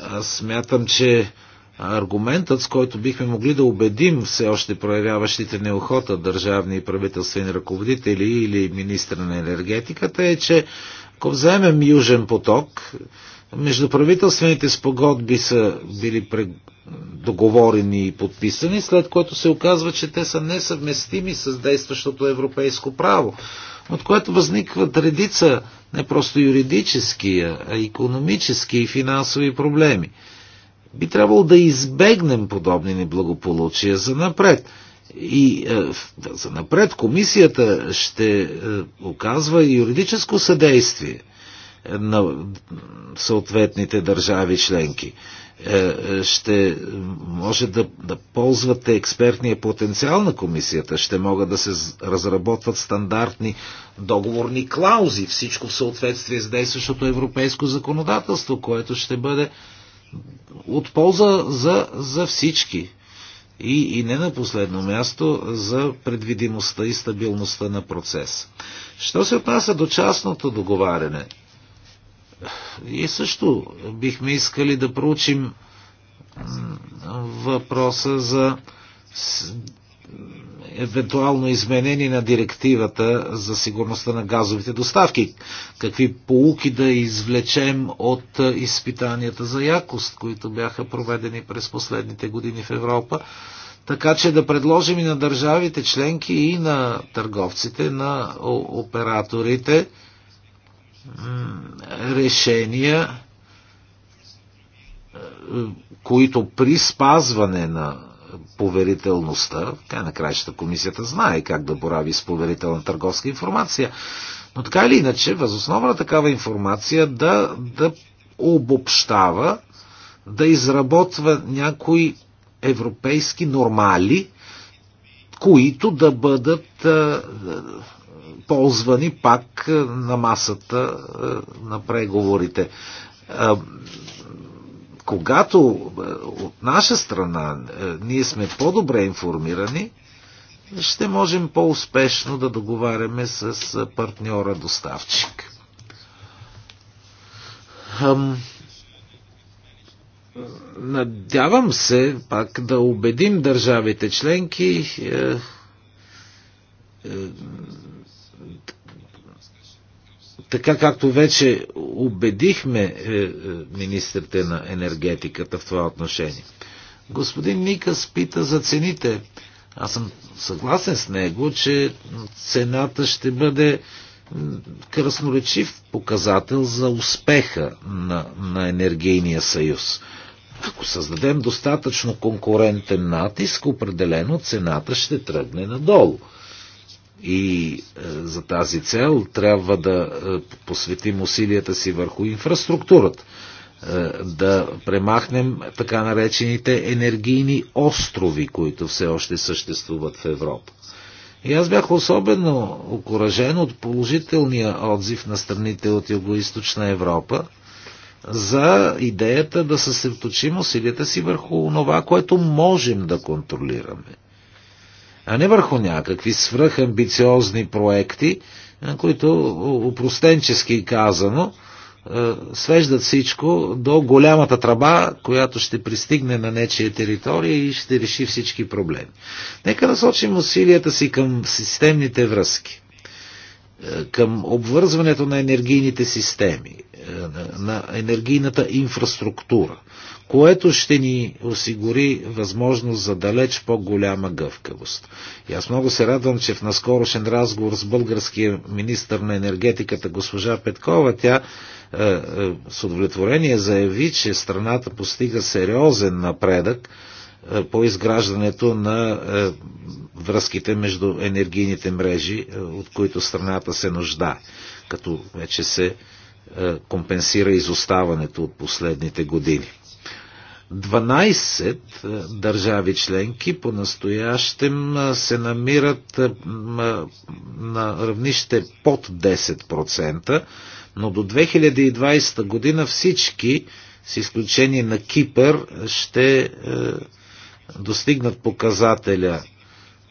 аз смятам, че аргументът, с който бихме могли да убедим все още проявяващите неохота държавни и правителствени ръководители или министра на енергетиката е, че ако вземем Южен поток, Междуправителствените спогодби са били договорени и подписани, след което се оказва, че те са несъвместими с действащото европейско право, от което възникват редица не просто юридически, а економически и финансови проблеми. Би трябвало да избегнем подобни неблагополучия за напред. И е, за напред комисията ще е, оказва юридическо съдействие – на съответните държави членки. Е, е, ще може да, да ползвате експертния потенциал на комисията, ще могат да се разработват стандартни договорни клаузи, всичко в съответствие с действащото европейско законодателство, което ще бъде от полза за, за всички. И, и не на последно място за предвидимостта и стабилността на процес. Що се отнася до частното договаряне, ние също бихме искали да проучим въпроса за евентуално изменение на директивата за сигурността на газовите доставки. Какви полуки да извлечем от изпитанията за якост, които бяха проведени през последните години в Европа, така че да предложим и на държавите членки и на търговците, на операторите, решения, е, които при спазване на поверителността, тя на краищата комисията знае как да борави с поверителна търговска информация, но така или иначе, възоснова на такава информация да, да обобщава, да изработва някои европейски нормали, които да бъдат е, ползвани пак е, на масата е, на преговорите. Е, когато от наша страна ние сме по-добре информирани, ще можем по-успешно да договаряме с партньора доставчик. Надявам се пак да убедим държавите членки така както вече убедихме е, е, министрите на енергетиката в това отношение. Господин Никас пита за цените. Аз съм съгласен с него, че цената ще бъде красноречив показател за успеха на, на енергийния съюз. Ако създадем достатъчно конкурентен натиск, определено цената ще тръгне надолу. И е, за тази цел трябва да е, посветим усилията си върху инфраструктурата е, да премахнем така наречените енергийни острови, които все още съществуват в Европа. И аз бях особено окоръжен от положителния отзив на страните от Юго-Источна Европа за идеята да съсредоточим усилията си върху това, което можем да контролираме а не върху някакви свръхамбициозни проекти, които, упростенчески казано, свеждат всичко до голямата тръба, която ще пристигне на нечия територия и ще реши всички проблеми. Нека насочим усилията си към системните връзки. Е, към обвързването на енергийните системи, е, на енергийната инфраструктура, което ще ни осигури възможност за далеч по-голяма гъвкавост. И аз много се радвам, че в наскорошен разговор с българския министр на енергетиката госпожа Петкова, тя е, е, с удовлетворение заяви, че страната постига сериозен напредък е, по изграждането на е, връзките между енергийните мрежи, е, от които страната се нуждае, като вече се компенсира изоставането от последните години. 12 държави членки по-настоящем се намират на равнище под 10%, но до 2020 година всички, с изключение на Кипър, ще достигнат показателя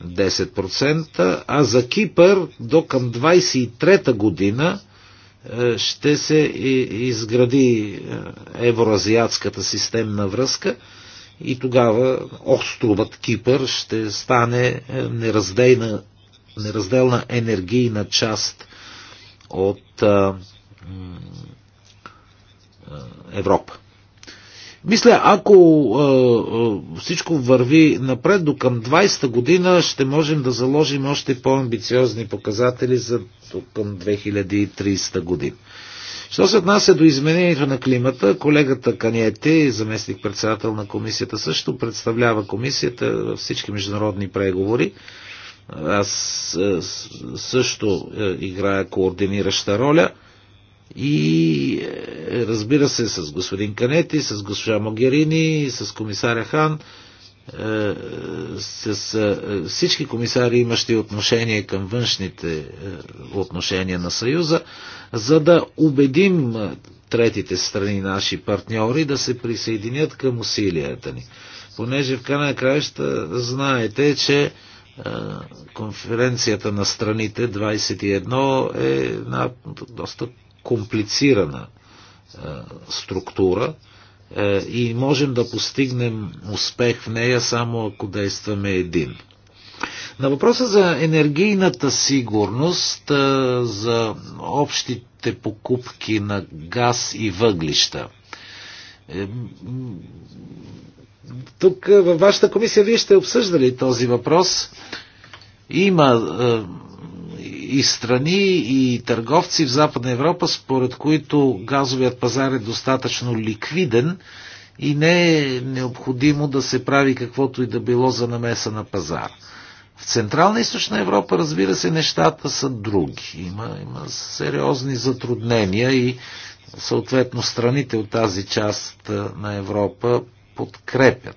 10%, а за Кипър до към 23-та година е, ще се изгради е, евроазиатската системна връзка и тогава островът Кипър ще стане е, неразделна, неразделна енергийна част от Европа. Мисля, ако е, е, всичко върви напред до към 20-та година, ще можем да заложим още по-амбициозни показатели за до към 2030 година. Що се отнася до изменението на климата, колегата Каниете, заместник председател на комисията, също представлява комисията във всички международни преговори. Аз също играя координираща роля – и е, разбира се, с господин Канети, с госпожа Могерини, с комисаря Хан, е, с е, всички комисари, имащи отношение към външните отношения на Съюза, за да убедим третите страни, наши партньори, да се присъединят към усилията ни. Понеже в края на краища знаете, че конференцията на страните 21 е една доста комплицирана е, структура е, и можем да постигнем успех в нея само ако действаме един. На въпроса за енергийната сигурност, е, за общите покупки на газ и въглища. Тук във вашата комисия вие сте обсъждали този въпрос. Има и страни, и търговци в Западна Европа, според които газовият пазар е достатъчно ликвиден и не е необходимо да се прави каквото и да било за намеса на пазар. В Централна и Източна Европа, разбира се, нещата са други. Има, има сериозни затруднения и съответно страните от тази част на Европа подкрепят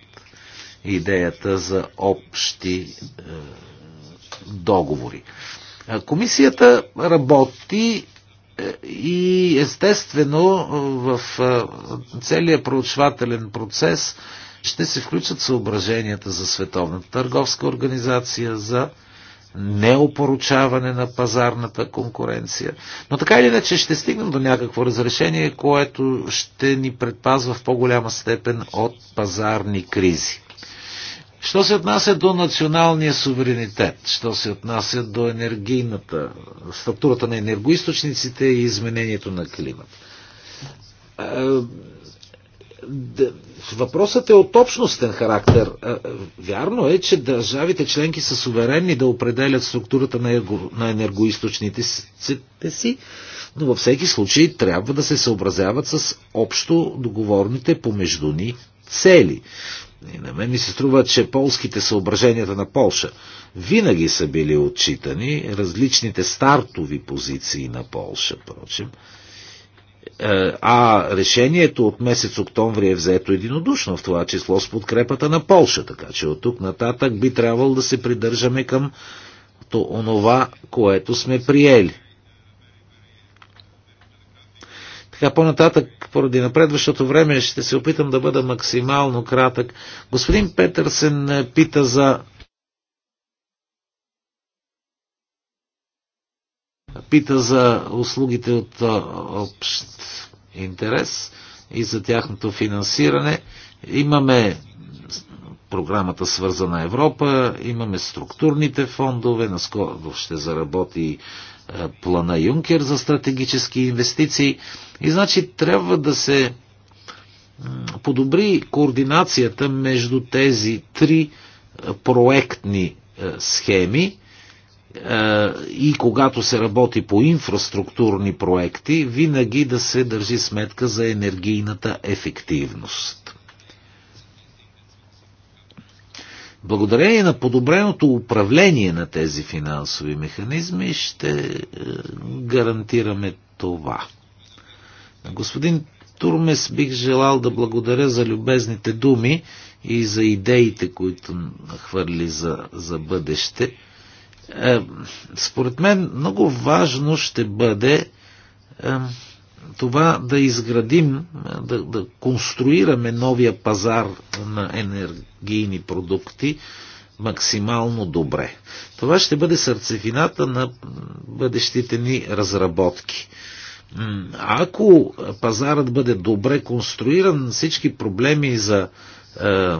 идеята за общи е, договори. Комисията работи е, и естествено е, в е, целият проучвателен процес ще се включат съображенията за Световната търговска организация, за неопоручаване на пазарната конкуренция. Но така или иначе ще стигнем до някакво разрешение, което ще ни предпазва в по-голяма степен от пазарни кризи. Що се отнася до националния суверенитет, що се отнася до енергийната, структурата на енергоисточниците и изменението на климата. Е, въпросът е от общностен характер. Е, е, вярно е, че държавите членки са суверенни да определят структурата на енергоисточниците си, но във всеки случай трябва да се съобразяват с общо договорните помежду ни цели. И на мен ми се струва, че полските съображенията на Полша винаги са били отчитани, различните стартови позиции на Полша, прочим. Е, а решението от месец октомври е взето единодушно, в това число с подкрепата на Полша, така че от тук нататък би трябвало да се придържаме към то онова, което сме приели. Така по-нататък, поради напредващото време, ще се опитам да бъда максимално кратък. Господин Петърсен е, пита за пита за услугите от е, общ интерес и за тяхното финансиране. Имаме програмата Свързана Европа, имаме структурните фондове, наскоро ще заработи е, плана Юнкер за стратегически инвестиции. И значи трябва да се подобри координацията между тези три е, проектни е, схеми и когато се работи по инфраструктурни проекти, винаги да се държи сметка за енергийната ефективност. благодарение на подобреното управление на тези финансови механизми ще е, гарантираме това. Господин Турмес бих желал да благодаря за любезните думи и за идеите, които хвърли за, за бъдеще. Е, според мен много важно ще бъде е, това да изградим, да, да конструираме новия пазар на енергийни продукти максимално добре. Това ще бъде сърцевината на бъдещите ни разработки. Ако пазарът бъде добре конструиран, всички проблеми за е,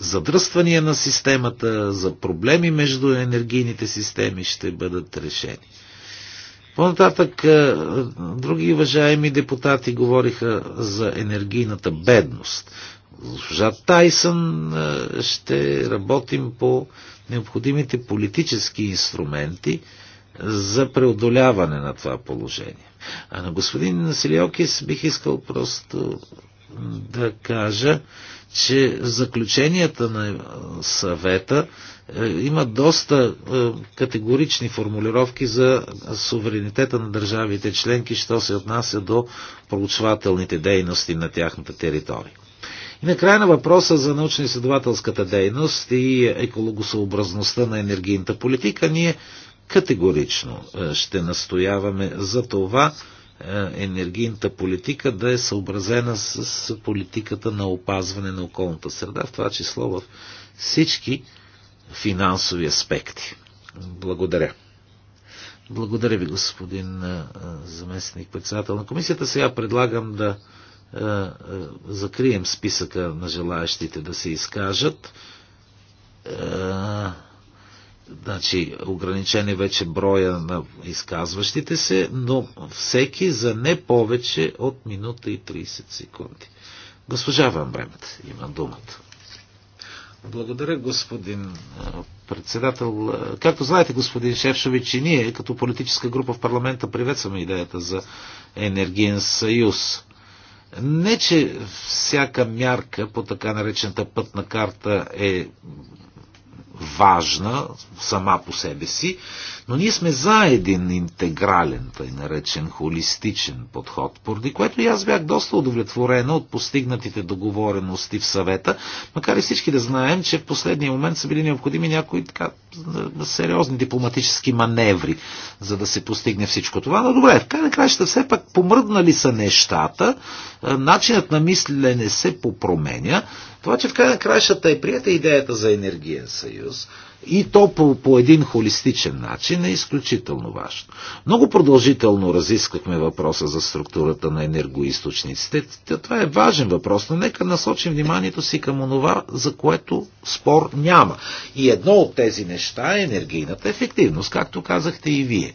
задръствания на системата, за проблеми между енергийните системи ще бъдат решени. По-нататък е, други уважаеми депутати говориха за енергийната бедност. Госпожа Тайсън е, ще работим по необходимите политически инструменти за преодоляване на това положение. А на господин Насилиокис бих искал просто да кажа, че заключенията на съвета е, има доста е, категорични формулировки за суверенитета на държавите членки, що се отнася до проучвателните дейности на тяхната територия. И накрая на въпроса за научно-изследователската дейност и екологосъобразността на енергийната политика, ние категорично е, ще настояваме за това е, енергийната политика да е съобразена с политиката на опазване на околната среда, в това число в всички финансови аспекти. Благодаря. Благодаря ви, господин е, заместник председател на комисията. Сега предлагам да е, закрием списъка на желаящите да се изкажат значи, ограничени е вече броя на изказващите се, но всеки за не повече от минута и 30 секунди. Госпожа Ван Бремт има думата. Благодаря, господин председател. Както знаете, господин Шевшович, и ние като политическа група в парламента приветстваме идеята за енергиен съюз. Не, че всяка мярка по така наречената пътна карта е важна сама по себе си, но ние сме за един интегрален, тъй наречен холистичен подход, поради което и аз бях доста удовлетворена от постигнатите договорености в съвета, макар и всички да знаем, че в последния момент са били необходими някои така сериозни дипломатически маневри, за да се постигне всичко това. Но добре, в крайна краща все пак помръднали са нещата, начинът на мислене се попроменя. Това, че в крайна кращата е прията идеята за енергиен съюз, и то по, по един холистичен начин е изключително важно. Много продължително разисквахме въпроса за структурата на енергоисточниците. Това е важен въпрос, но нека насочим вниманието си към онова, за което спор няма. И едно от тези неща е енергийната ефективност, както казахте и вие.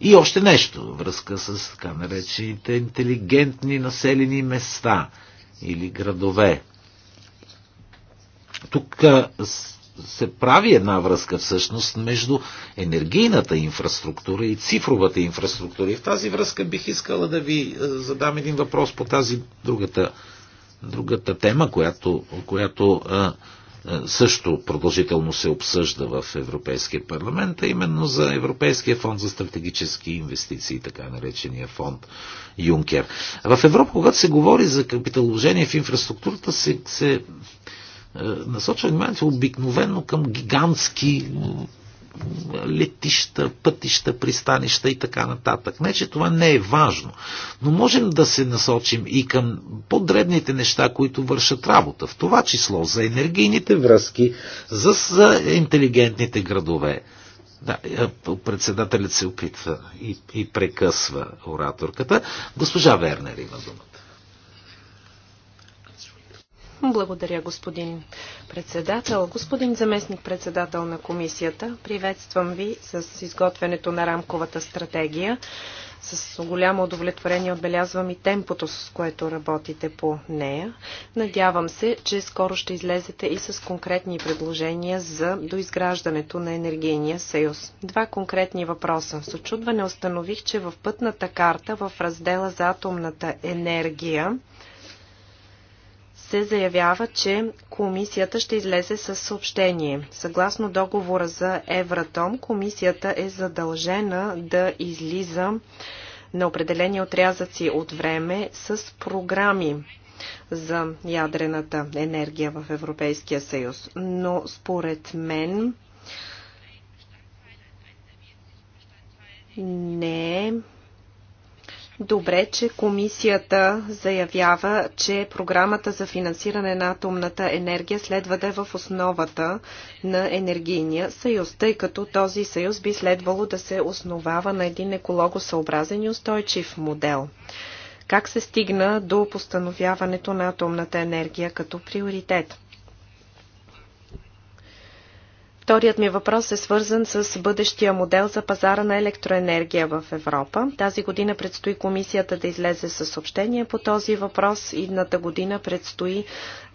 И още нещо, връзка с така наречените интелигентни населени места или градове. Тук се прави една връзка всъщност между енергийната инфраструктура и цифровата инфраструктура. И в тази връзка бих искала да ви е, задам един въпрос по тази другата, другата тема, която, която е, е, също продължително се обсъжда в Европейския парламент, а именно за Европейския фонд за стратегически инвестиции, така наречения фонд Юнкер. В Европа, когато се говори за капиталовложение в инфраструктурата, се, се е, насочва вниманието обикновено към гигантски летища, пътища, пристанища и така нататък. Не, че това не е важно, но можем да се насочим и към по-дребните неща, които вършат работа. В това число за енергийните връзки, за, за интелигентните градове. Да, е, председателят се опитва и, и прекъсва ораторката. Госпожа Вернер има думата. Благодаря, господин председател. Господин заместник председател на комисията, приветствам ви с изготвянето на рамковата стратегия. С голямо удовлетворение отбелязвам и темпото, с което работите по нея. Надявам се, че скоро ще излезете и с конкретни предложения за доизграждането на енергийния съюз. Два конкретни въпроса. С очудване установих, че в пътната карта в раздела за атомната енергия се заявява, че комисията ще излезе с съобщение. Съгласно договора за Евратом, комисията е задължена да излиза на определени отрязъци от време с програми за ядрената енергия в Европейския съюз. Но според мен не е Добре, че комисията заявява, че програмата за финансиране на атомната енергия следва да е в основата на енергийния съюз, тъй като този съюз би следвало да се основава на един екологосъобразен и устойчив модел. Как се стигна до постановяването на атомната енергия като приоритет? Вторият ми въпрос е свързан с бъдещия модел за пазара на електроенергия в Европа. Тази година предстои комисията да излезе със съобщение по този въпрос. Идната година предстои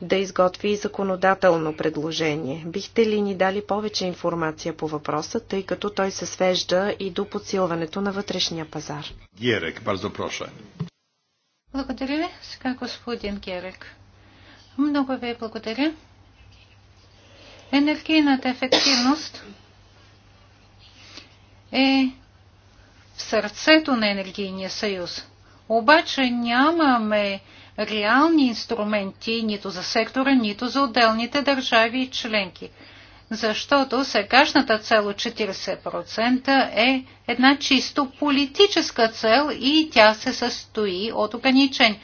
да изготви и законодателно предложение. Бихте ли ни дали повече информация по въпроса, тъй като той се свежда и до подсилването на вътрешния пазар? Герек, бързо проша. Благодаря ви, сега господин Герек. Много ви благодаря. Енергийната ефективност е в сърцето на енергийния съюз. Обаче нямаме реални инструменти нито за сектора, нито за отделните държави и членки. Защото сегашната цел от 40% е една чисто политическа цел и тя се състои от ограничения.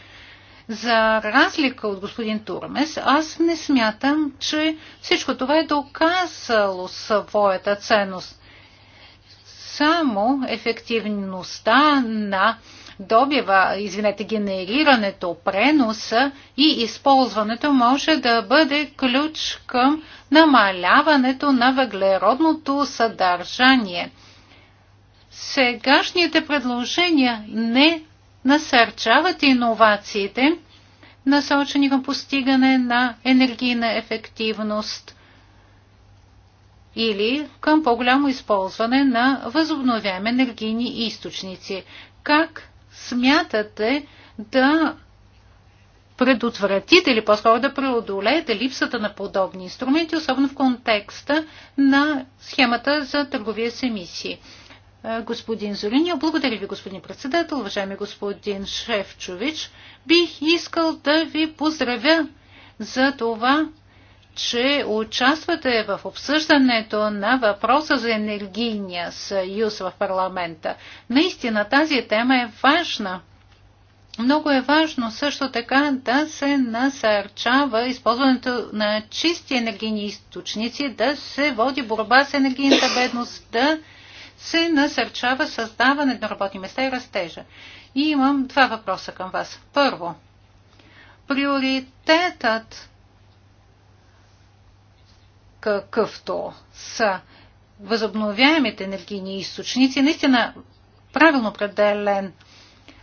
За разлика от господин Турмес, аз не смятам, че всичко това е доказало своята ценност. Само ефективността на добива, извинете, генерирането, преноса и използването може да бъде ключ към намаляването на въглеродното съдържание. Сегашните предложения не насърчават иновациите, насочени към постигане на енергийна ефективност или към по-голямо използване на възобновяеми енергийни източници. Как смятате да предотвратите или по-скоро да преодолеете липсата на подобни инструменти, особено в контекста на схемата за търговия с емисии. Е, господин Золинио. Благодаря ви, господин председател, уважаеми господин Шефчович. Бих искал да ви поздравя за това, че участвате в обсъждането на въпроса за енергийния съюз в парламента. Наистина тази тема е важна. Много е важно също така да се насърчава използването на чисти енергийни източници, да се води борба с енергийната бедност, да се насърчава създаването на работни места и растежа. И имам два въпроса към вас. Първо, приоритетът какъвто са възобновяемите енергийни източници, е наистина правилно определен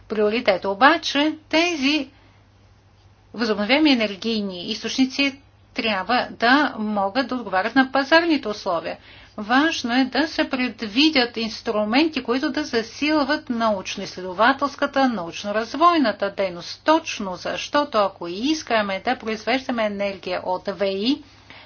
приоритет. Обаче тези възобновяеми енергийни източници трябва да могат да отговарят на пазарните условия. Важно е да се предвидят инструменти, които да засилват научно-изследователската, научно-развойната дейност. Точно защото ако искаме да произвеждаме енергия от ВИ,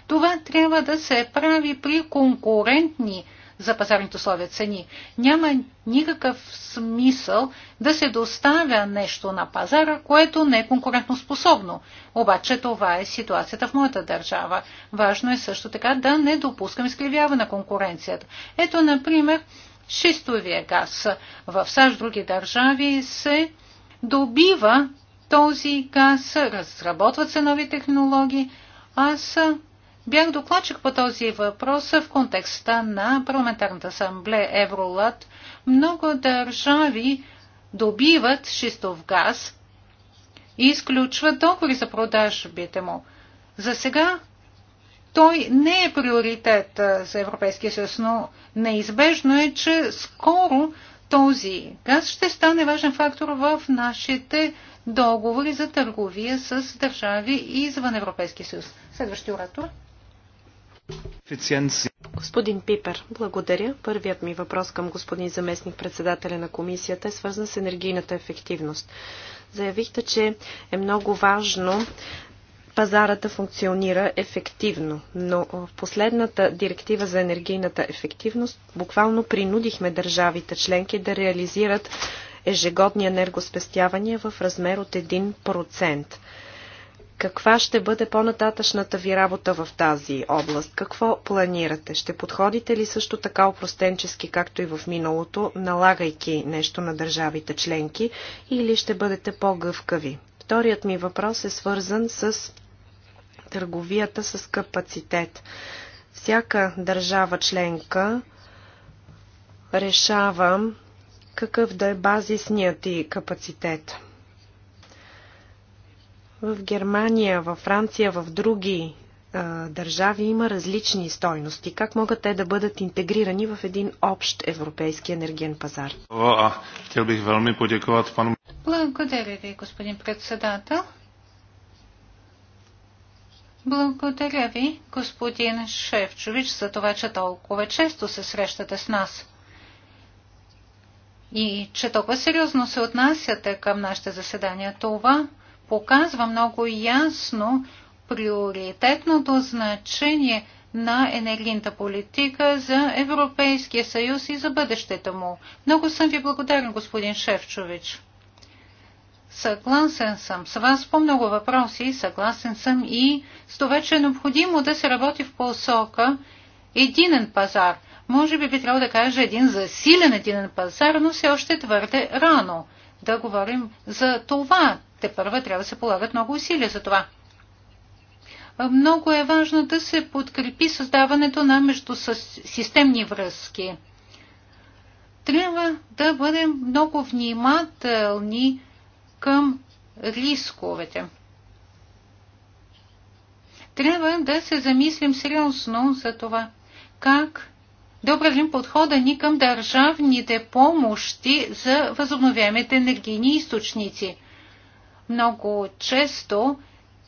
това трябва да се прави при конкурентни за пазарните условия цени. Няма никакъв смисъл да се доставя нещо на пазара, което не е способно. Обаче това е ситуацията в моята държава. Важно е също така да не допускам изкривяване на конкуренцията. Ето, например, шистовия газ. В САЩ други държави се добива този газ, разработват се нови технологии. Аз Бях докладчик по този въпрос в контекста на парламентарната асамблея Евролат. Много държави добиват шистов газ и изключват договори за продажбите му. За сега той не е приоритет за Европейския съюз, но неизбежно е, че скоро този газ ще стане важен фактор в нашите договори за търговия с държави извън Европейския съюз. Следващия оратор. Господин Пипер, благодаря. Първият ми въпрос към господин заместник председателя на комисията е свързан с енергийната ефективност. Заявихте, че е много важно пазарата да функционира ефективно, но в последната директива за енергийната ефективност буквално принудихме държавите членки да реализират ежегодни енергоспестявания в размер от 1%. Каква ще бъде по-нататъчната ви работа в тази област? Какво планирате? Ще подходите ли също така опростенчески, както и в миналото, налагайки нещо на държавите членки или ще бъдете по-гъвкави? Вторият ми въпрос е свързан с търговията с капацитет. Всяка държава членка решава какъв да е базисният и капацитет. В Германия, във Франция, в други а, държави има различни стойности. Как могат те да бъдат интегрирани в един общ европейски енергиен пазар? Благодаря ви, господин председател. Благодаря ви, господин Шевчович, за това, че толкова често се срещате с нас и че толкова сериозно се отнасяте към нашите заседания. Това показва много ясно приоритетното значение на енергийната политика за Европейския съюз и за бъдещето му. Много съм ви благодарен, господин Шевчович. Съгласен съм с вас по много въпроси, съгласен съм и с това, че е необходимо да се работи в посока единен пазар. Може би би трябвало да кажа един засилен единен пазар, но все още твърде рано – да говорим за това. Те първа трябва да се полагат много усилия за това. Много е важно да се подкрепи създаването на междусистемни връзки. Трябва да бъдем много внимателни към рисковете. Трябва да се замислим сериозно за това, как да определим подхода ни към държавните помощи за възобновяемите енергийни източници. Много често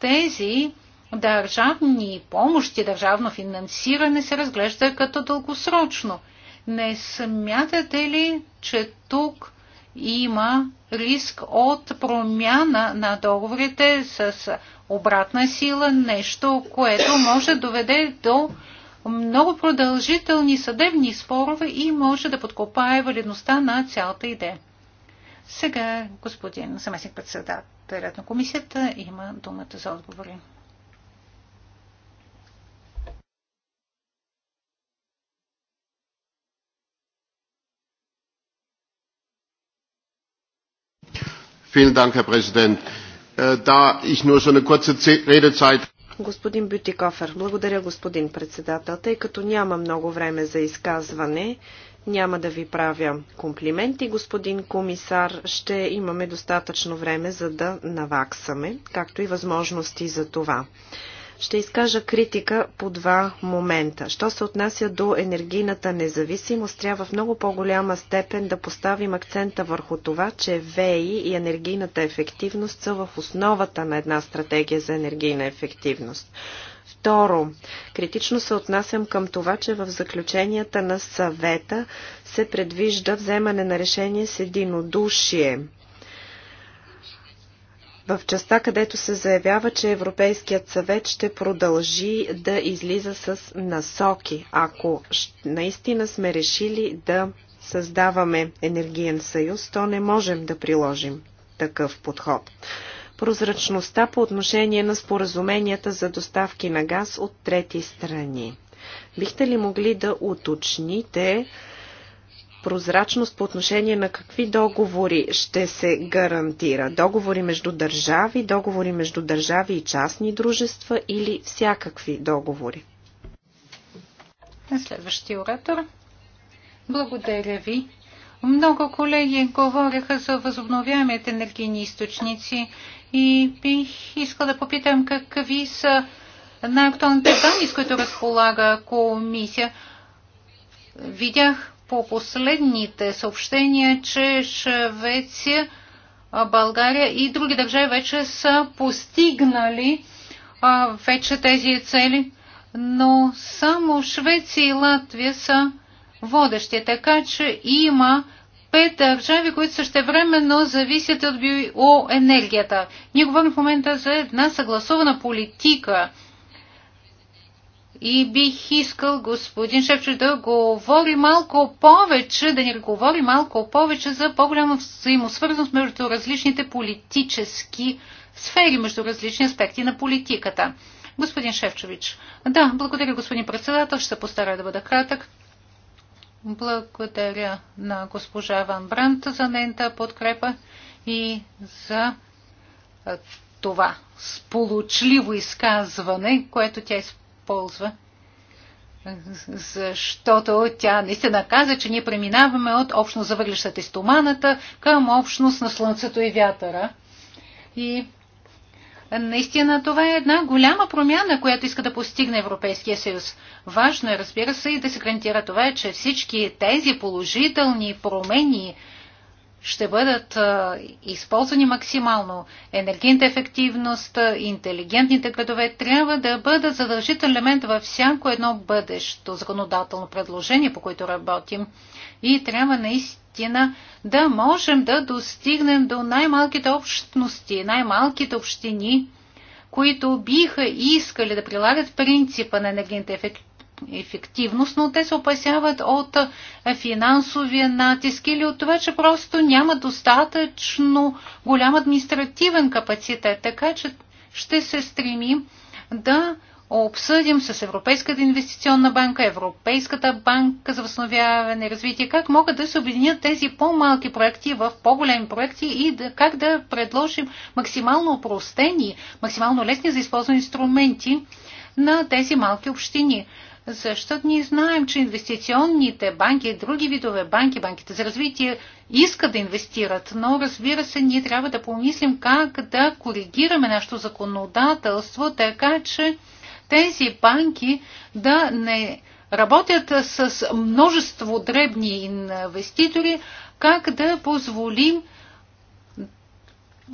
тези държавни помощи, държавно финансиране се разглежда като дългосрочно. Не смятате ли, че тук има риск от промяна на договорите с обратна сила, нещо, което може да доведе до много продължителни съдебни спорове и може да подкопае валидността на цялата идея. Сега господин заместник председателят на комисията има думата за отговори. herr präsident! Äh, da ich nur so eine kurze redezeit Господин Бютикофер, благодаря господин председател. Тъй като няма много време за изказване, няма да ви правя комплименти, господин комисар. Ще имаме достатъчно време, за да наваксаме, както и възможности за това ще изкажа критика по два момента. Що се отнася до енергийната независимост, трябва в много по-голяма степен да поставим акцента върху това, че ВЕИ и енергийната ефективност са в основата на една стратегия за енергийна ефективност. Второ, критично се отнасям към това, че в заключенията на съвета се предвижда вземане на решение с единодушие – в частта, където се заявява, че Европейският съвет ще продължи да излиза с насоки. Ако наистина сме решили да създаваме енергиен съюз, то не можем да приложим такъв подход. Прозрачността по отношение на споразуменията за доставки на газ от трети страни. Бихте ли могли да уточните прозрачност по отношение на какви договори ще се гарантира? Договори между държави, договори между държави и частни дружества или всякакви договори? На следващия оратор. Благодаря ви. Много колеги говориха за възобновяемите енергийни източници и бих искал да попитам какви са най-актуалните данни, с които разполага комисия. Видях по последните съобщения, че Швеция, България и други държави вече са постигнали а, вече тези цели, но само Швеция и Латвия са водещи, така че има пет държави, които същевременно зависят от биоенергията. Ние говорим в момента за една съгласована политика – и бих искал господин Шепчев да говори малко повече, да ни говори малко повече за по-голяма взаимосвързаност между различните политически сфери, между различни аспекти на политиката. Господин Шевчович. Да, благодаря, господин председател. Ще се постарая да бъда кратък. Благодаря на госпожа Ван Брант за нейната подкрепа и за това сполучливо изказване, което тя ползва. защото тя наистина каза, че ние преминаваме от общност за въглищата и стоманата към общност на слънцето и вятъра. И Наистина това е една голяма промяна, която иска да постигне Европейския съюз. Важно е, разбира се, и да се гарантира това, че всички тези положителни промени ще бъдат използвани максимално. Енергийната ефективност, интелигентните градове трябва да бъдат задължителен елемент във всяко едно бъдещо законодателно предложение, по което работим. И трябва наистина да можем да достигнем до най-малките общности, най-малките общини, които биха искали да прилагат принципа на енергийната ефективност ефективност, но те се опасяват от финансовия натиск или от това, че просто няма достатъчно голям административен капацитет. Така че ще се стремим да обсъдим с Европейската инвестиционна банка, Европейската банка за възстановяване и развитие, как могат да се объединят тези по-малки проекти в по-големи проекти и да, как да предложим максимално упростени, максимално лесни за използване инструменти на тези малки общини. Защото ние знаем, че инвестиционните банки и други видове банки, банките за развитие, искат да инвестират, но разбира се, ние трябва да помислим как да коригираме нашето законодателство, така че тези банки да не работят с множество дребни инвеститори, как да позволим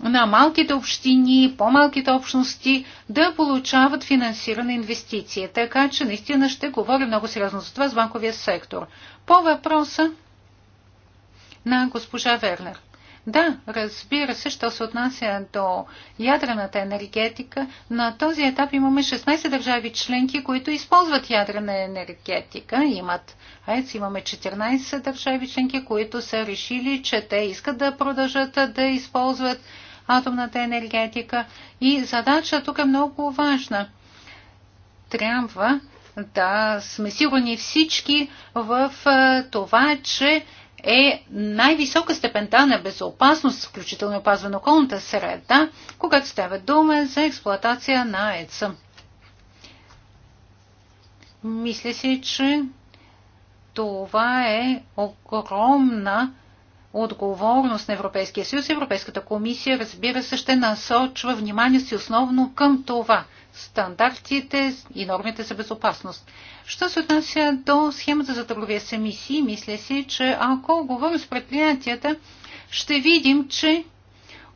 на малките общини, по-малките общности да получават финансиране инвестиции. Така че наистина ще говоря много сериозно за това с банковия сектор. По въпроса на госпожа Вернер. Да, разбира се, що се отнася до ядрената енергетика, на този етап имаме 16 държави членки, които използват ядрена енергетика. Имат АЕЦ, имаме 14 държави членки, които са решили, че те искат да продължат да използват атомната енергетика. И задача тук е много важна. Трябва да сме сигурни всички в това, че е най-висока степента на безопасност, включително опазване на околната среда, когато става дума за експлоатация на ЕЦ. Мисля си, че това е огромна отговорност на Европейския съюз, Европейската комисия, разбира се, ще насочва внимание си основно към това – стандартите и нормите за безопасност. Що се отнася до схемата за търговия с емисии, мисля си, че ако говорим с предприятията, ще видим, че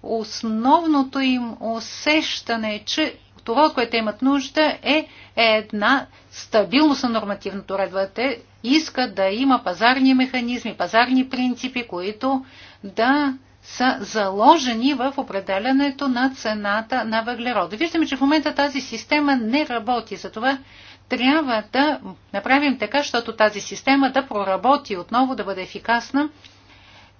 основното им усещане е, че това, което имат нужда, е една стабилност на нормативната уредба. Те искат да има пазарни механизми, пазарни принципи, които да са заложени в определянето на цената на въглерода. Виждаме, че в момента тази система не работи. Затова трябва да направим така, защото тази система да проработи отново, да бъде ефикасна.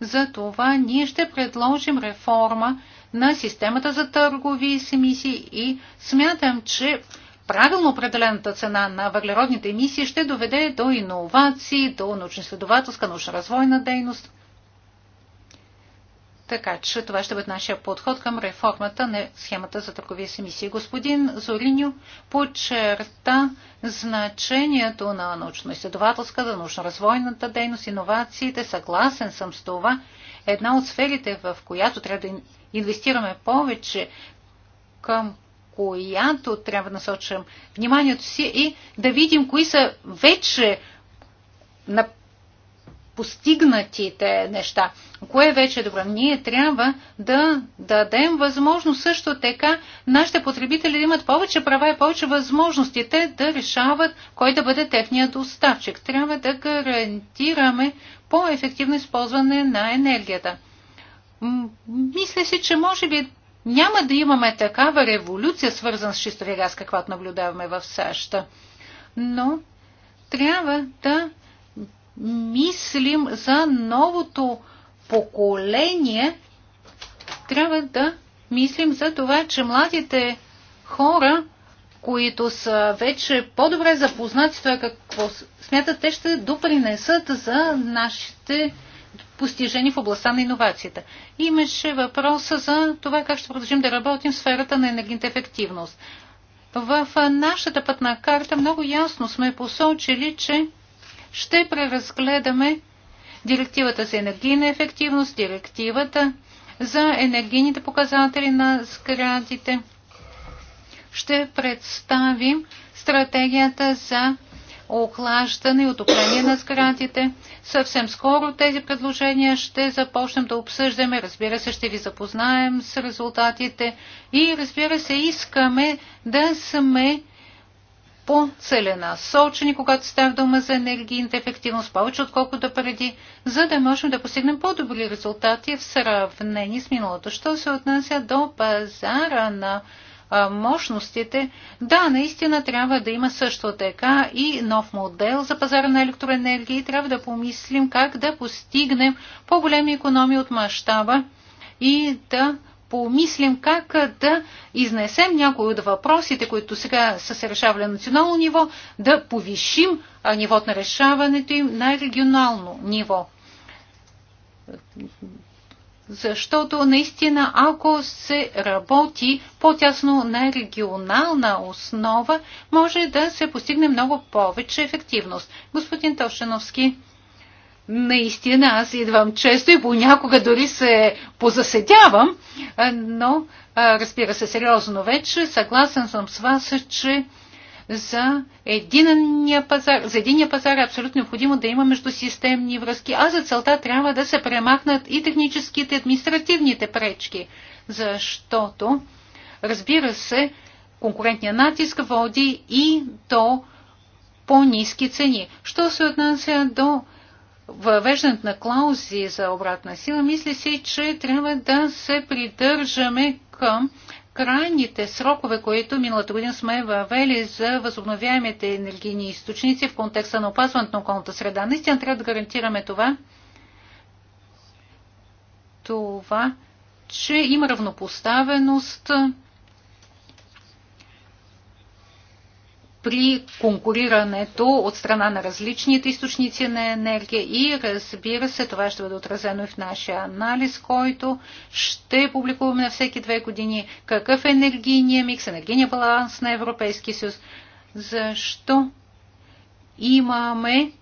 Затова ние ще предложим реформа на системата за търгови с емисии и смятам, че правилно определената цена на въглеродните емисии ще доведе до иновации, до научно-изследователска, научно-развойна дейност. Така че това ще бъде нашия подход към реформата на схемата за търговия с емисии. Господин Зориньо подчерта значението на научно-изследователската, научно-развойната дейност, иновациите. Съгласен съм с това. Една от сферите, в която трябва да инвестираме повече към която трябва да насочим вниманието си и да видим кои са вече на постигнатите неща. Кое вече е добро? Ние трябва да дадем възможност също така нашите потребители да имат повече права и повече възможности те да решават кой да бъде техният доставчик. Трябва да гарантираме по-ефективно използване на енергията. Мисля си, че може би няма да имаме такава революция, свързана с шистовия газ, каквато наблюдаваме в САЩ. Но трябва да мислим за новото поколение, трябва да мислим за това, че младите хора, които са вече по-добре запознати с това какво смятат, те ще допринесат за нашите постижения в областта на иновацията. Имаше въпроса за това как ще продължим да работим в сферата на енергийната ефективност. В нашата пътна карта много ясно сме посочили, че ще преразгледаме директивата за енергийна ефективност, директивата за енергийните показатели на сградите. Ще представим стратегията за охлаждане и отопление на сградите. Съвсем скоро тези предложения ще започнем да обсъждаме. Разбира се, ще ви запознаем с резултатите и разбира се, искаме да сме по-целенасочени, когато става дума за енергийната ефективност, повече отколкото преди, за да можем да постигнем по-добри резултати в сравнение с миналото. Що се отнася до пазара на мощностите, да, наистина трябва да има също така и нов модел за пазара на електроенергия и трябва да помислим как да постигнем по-големи економии от мащаба и да помислим как да изнесем някои от въпросите, които сега са се решавали на национално ниво, да повишим нивото на решаването им на регионално ниво защото наистина ако се работи по-тясно на регионална основа, може да се постигне много повече ефективност. Господин Тошеновски, наистина аз идвам често и понякога дори се позаседявам, но разбира се сериозно вече, съгласен съм с вас, че за единния пазар. За единия пазар е абсолютно необходимо да има междусистемни връзки, а за целта трябва да се премахнат и техническите, административните пречки, защото, разбира се, конкурентният натиск води и до по-низки цени. Що се отнася до въвеждането на клаузи за обратна сила, мисля си, че трябва да се придържаме към крайните срокове, които миналата година сме въвели за възобновяемите енергийни източници в контекста на опазването на околната среда. Наистина трябва да гарантираме това, това че има равнопоставеност при конкурирането от страна на различните източници на енергия и разбира се, това ще бъде отразено и в нашия анализ, който ще публикуваме на всеки две години. Какъв е енергийния микс, енергийния баланс на Европейския съюз? Защо имаме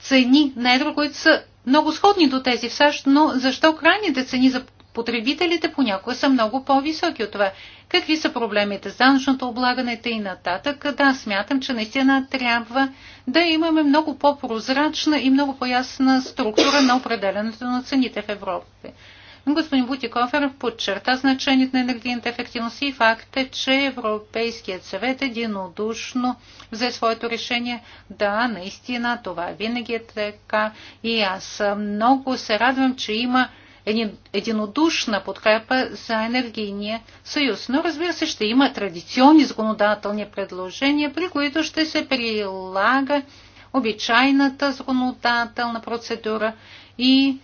цени на едро, които са много сходни до тези в САЩ, но защо крайните цени за потребителите понякога са много по-високи от това. Какви са проблемите с данъчното облагане и нататък? Да, смятам, че наистина трябва да имаме много по-прозрачна и много по-ясна структура на определенето на цените в Европа. Господин Бутикофер подчерта значението на енергийната ефективност и факта, е, че Европейският съвет единодушно взе своето решение. Да, наистина, това винаги е така. И аз много се радвам, че има единодушна подкрепа за енергийния съюз. Но разбира се, ще има традиционни законодателни предложения, при които ще се прилага обичайната законодателна процедура и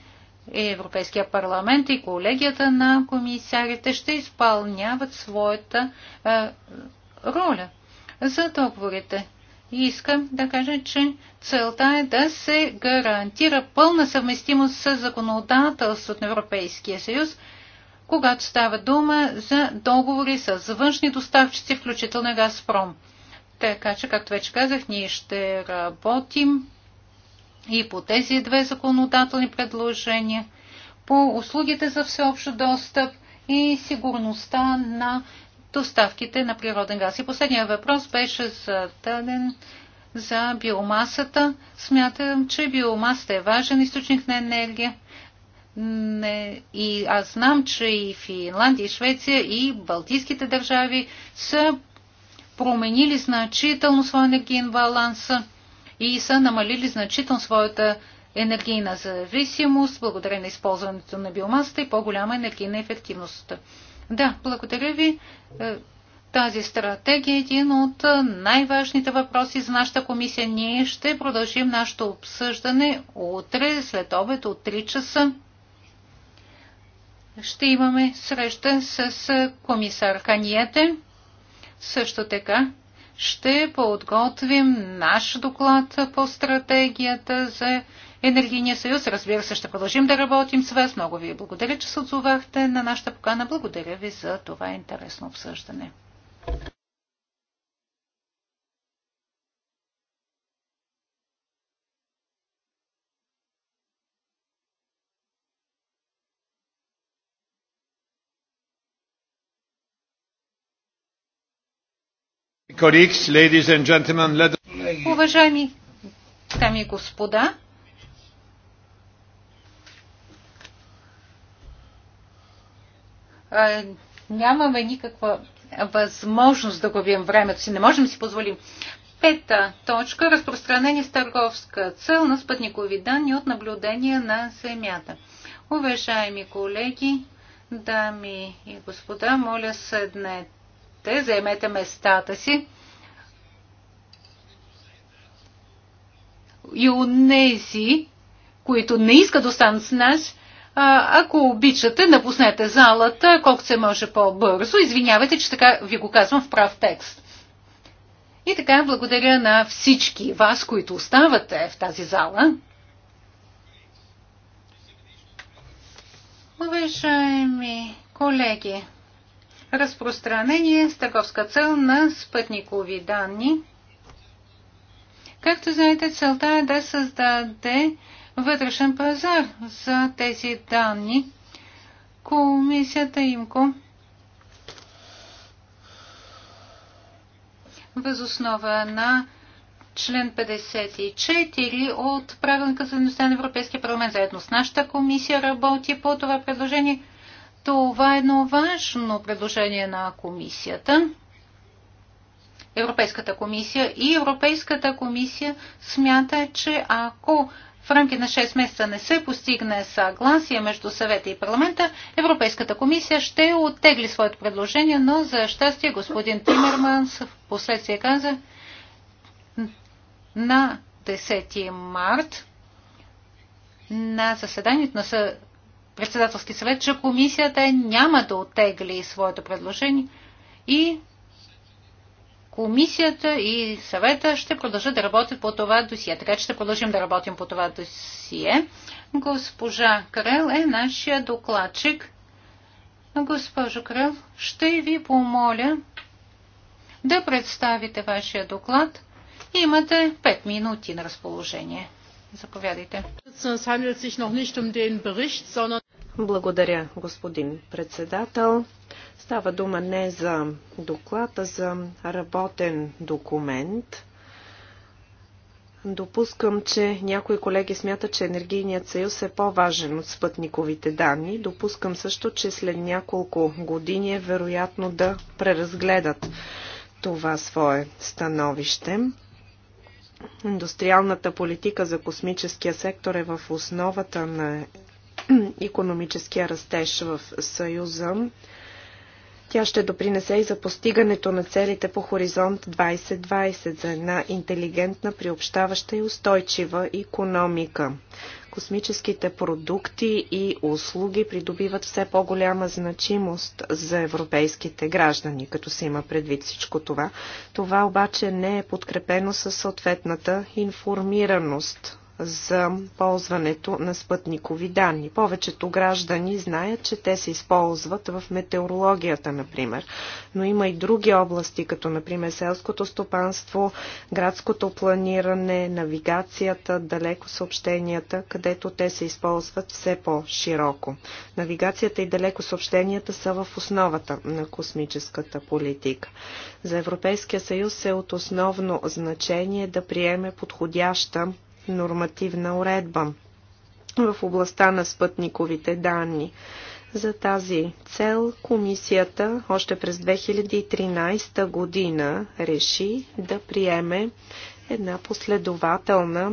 Европейския парламент и колегията на комисарите ще изпълняват своята е, роля за договорите. И искам да кажа, че целта е да се гарантира пълна съвместимост с законодателството на Европейския съюз, когато става дума за договори с външни доставчици, включително Газпром. Така че, както вече казах, ние ще работим и по тези две законодателни предложения, по услугите за всеобщо достъп и сигурността на доставките на природен газ. И последния въпрос беше зададен за биомасата. Смятам, че биомасата е важен източник на енергия. Не, и аз знам, че и Финландия, и Швеция, и Балтийските държави са променили значително своя енергиен баланс и са намалили значително своята енергийна зависимост, благодарение на използването на биомасата и по-голяма енергийна ефективност. Да, благодаря ви. Е, тази стратегия е един от е, най-важните въпроси за нашата комисия. Ние ще продължим нашето обсъждане утре след обед от 3 часа. Ще имаме среща с е, комисар Каниете. Също така ще подготвим наш доклад по стратегията за енергийния съюз. Разбира се, ще продължим да работим с вас. Много ви благодаря, че се отзовахте на нашата покана. Благодаря ви за това интересно обсъждане. Уважаеми дами и господа, нямаме никаква възможност да губим времето си. Не можем да си позволим. Пета точка – разпространение с търговска цел на спътникови данни от наблюдение на Земята. Уважаеми колеги, дами и господа, моля седнете, заемете местата си. И у нези, които не искат да останат с нас, ако обичате, напуснете залата колкото се може по-бързо. Извинявайте, че така ви го казвам в прав текст. И така, благодаря на всички вас, които оставате в тази зала. Уважаеми колеги, разпространение с търговска цел на спътникови данни. Както знаете, целта е да създаде вътрешен пазар за тези данни. Комисията ИМКО възоснова на член 54 от правилника за дейността на Европейския парламент. Заедно с нашата комисия работи по това предложение. Това е едно важно предложение на комисията. Европейската комисия и Европейската комисия смята, че ако в рамките на 6 месеца не се постигне съгласие между съвета и парламента, Европейската комисия ще оттегли своето предложение, но за щастие господин Тимерманс в последствие каза на 10 март на заседанието на председателски съвет, че комисията няма да оттегли своето предложение и комисията и съвета ще продължат да работят по това досие. Така че ще продължим да работим по това досие. Госпожа Крел е нашия докладчик. Госпожо Крел, ще ви помоля да представите вашия доклад. Имате 5 минути на разположение. Заповядайте. Благодаря, господин председател. Става дума не за доклад, а за работен документ. Допускам, че някои колеги смятат, че енергийният съюз е по-важен от спътниковите данни. Допускам също, че след няколко години е вероятно да преразгледат това свое становище. Индустриалната политика за космическия сектор е в основата на економическия *clears throat* растеж в Съюза. Тя ще допринесе и за постигането на целите по Хоризонт 2020 за една интелигентна, приобщаваща и устойчива економика. Космическите продукти и услуги придобиват все по-голяма значимост за европейските граждани, като се има предвид всичко това. Това обаче не е подкрепено със съответната информираност за ползването на спътникови данни. Повечето граждани знаят, че те се използват в метеорологията, например. Но има и други области, като например селското стопанство, градското планиране, навигацията, далеко съобщенията, където те се използват все по-широко. Навигацията и далеко съобщенията са в основата на космическата политика. За Европейския съюз е от основно значение да приеме подходяща нормативна уредба в областта на спътниковите данни. За тази цел комисията още през 2013 година реши да приеме една последователна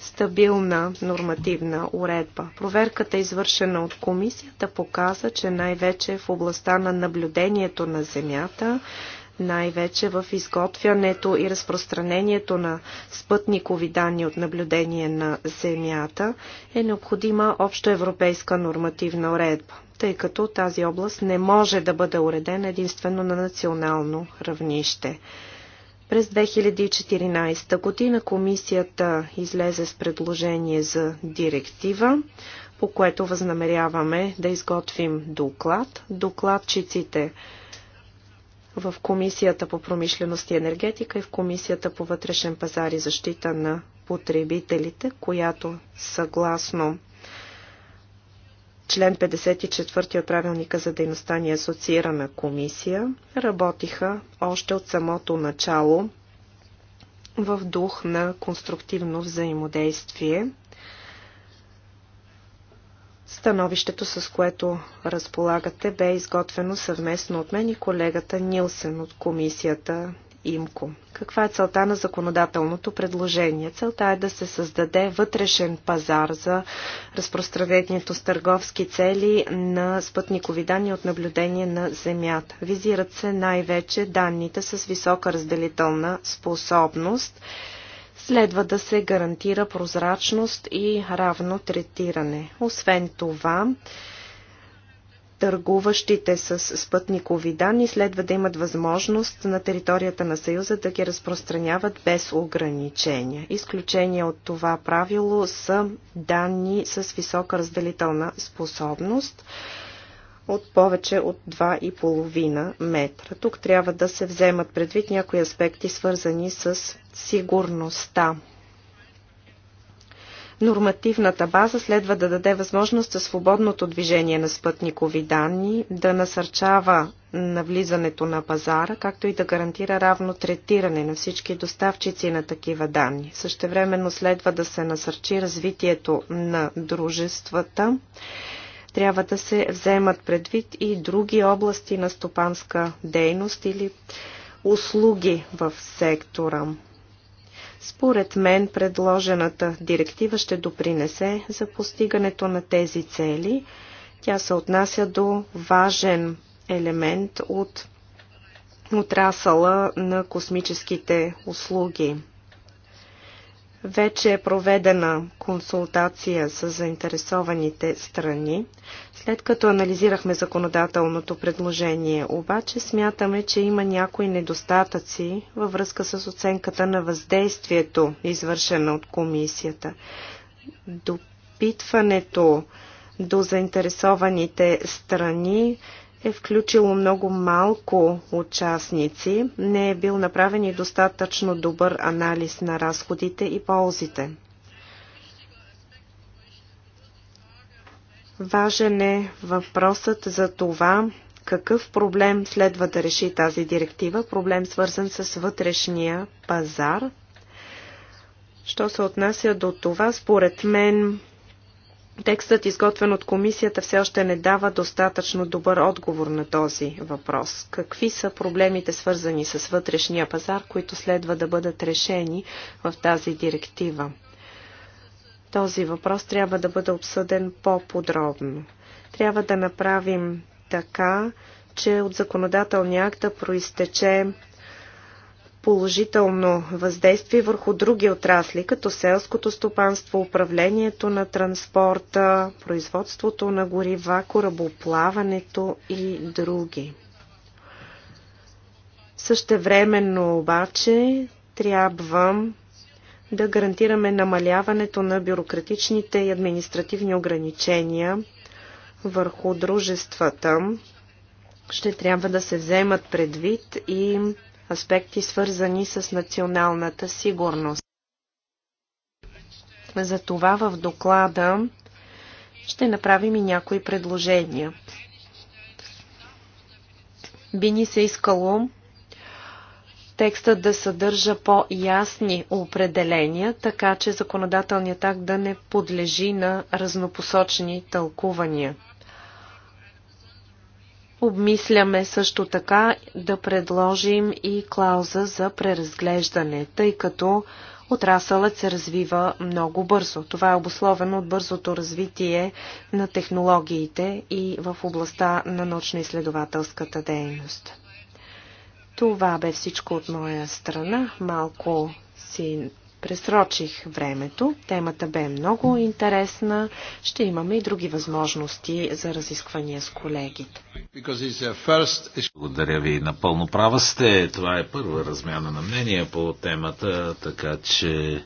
стабилна нормативна уредба. Проверката, извършена от комисията, показа, че най-вече в областта на наблюдението на Земята най-вече в изготвянето и разпространението на спътникови данни от наблюдение на Земята, е необходима общоевропейска нормативна уредба, тъй като тази област не може да бъде уредена единствено на национално равнище. През 2014 година комисията излезе с предложение за директива, по което възнамеряваме да изготвим доклад. Докладчиците в Комисията по промишленост и енергетика и в Комисията по вътрешен пазар и защита на потребителите, която съгласно член 54 от правилника за дейността ни асоциирана комисия, работиха още от самото начало в дух на конструктивно взаимодействие – Становището, с което разполагате, бе изготвено съвместно от мен и колегата Нилсен от комисията ИМКО. Каква е целта на законодателното предложение? Целта е да се създаде вътрешен пазар за разпространението с търговски цели на спътникови данни от наблюдение на Земята. Визират се най-вече данните с висока разделителна способност – Следва да се гарантира прозрачност и равно третиране. Освен това, търгуващите с спътникови данни следва да имат възможност на територията на Съюза да ги разпространяват без ограничения. Изключение от това правило са данни с висока разделителна способност, от повече от 2,5 метра. Тук трябва да се вземат предвид някои аспекти, свързани с сигурността. Нормативната база следва да даде възможност за свободното движение на спътникови данни, да насърчава навлизането на пазара, както и да гарантира равно третиране на всички доставчици на такива данни. Същевременно следва да се насърчи развитието на дружествата, трябва да се вземат предвид и други области на стопанска дейност или услуги в сектора. Според мен предложената директива ще допринесе за постигането на тези цели. Тя се отнася до важен елемент от отрасъла на космическите услуги. Вече е проведена консултация с заинтересованите страни. След като анализирахме законодателното предложение, обаче смятаме, че има някои недостатъци във връзка с оценката на въздействието, извършена от комисията. Допитването до заинтересованите страни е включило много малко участници, не е бил направен и достатъчно добър анализ на разходите и ползите. Важен е въпросът за това, какъв проблем следва да реши тази директива, проблем свързан с вътрешния пазар. Що се отнася до това, според мен Текстът, изготвен от комисията, все още не дава достатъчно добър отговор на този въпрос. Какви са проблемите, свързани с вътрешния пазар, които следва да бъдат решени в тази директива? Този въпрос трябва да бъде обсъден по-подробно. Трябва да направим така, че от законодателния акт да проистече положително въздействие върху други отрасли, като селското стопанство, управлението на транспорта, производството на горива, корабоплаването и други. Същевременно обаче трябва да гарантираме намаляването на бюрократичните и административни ограничения върху дружествата. Ще трябва да се вземат предвид и аспекти, свързани с националната сигурност. Затова в доклада ще направим и някои предложения. Би ни се искало текстът да съдържа по-ясни определения, така че законодателният акт да не подлежи на разнопосочни тълкувания. Обмисляме също така да предложим и клауза за преразглеждане, тъй като отрасълът се развива много бързо. Това е обусловено от бързото развитие на технологиите и в областта на научно-изследователската дейност. Това бе всичко от моя страна. Малко си Пресрочих времето. Темата бе много интересна. Ще имаме и други възможности за разисквания с колегите. First... Благодаря ви. Напълно права сте. Това е първа размяна на мнение по темата, така че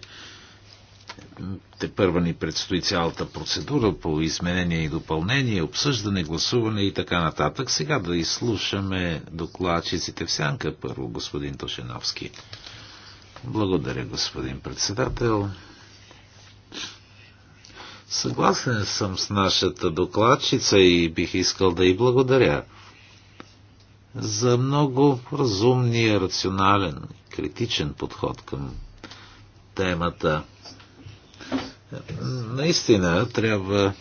те първа ни предстои цялата процедура по изменение и допълнение, обсъждане, гласуване и така нататък. Сега да изслушаме докладчиците в сянка първо, господин Тошеновски. Благодаря, господин председател. Съгласен съм с нашата докладчица и бих искал да й благодаря за много разумния, рационален, критичен подход към темата. Наистина трябва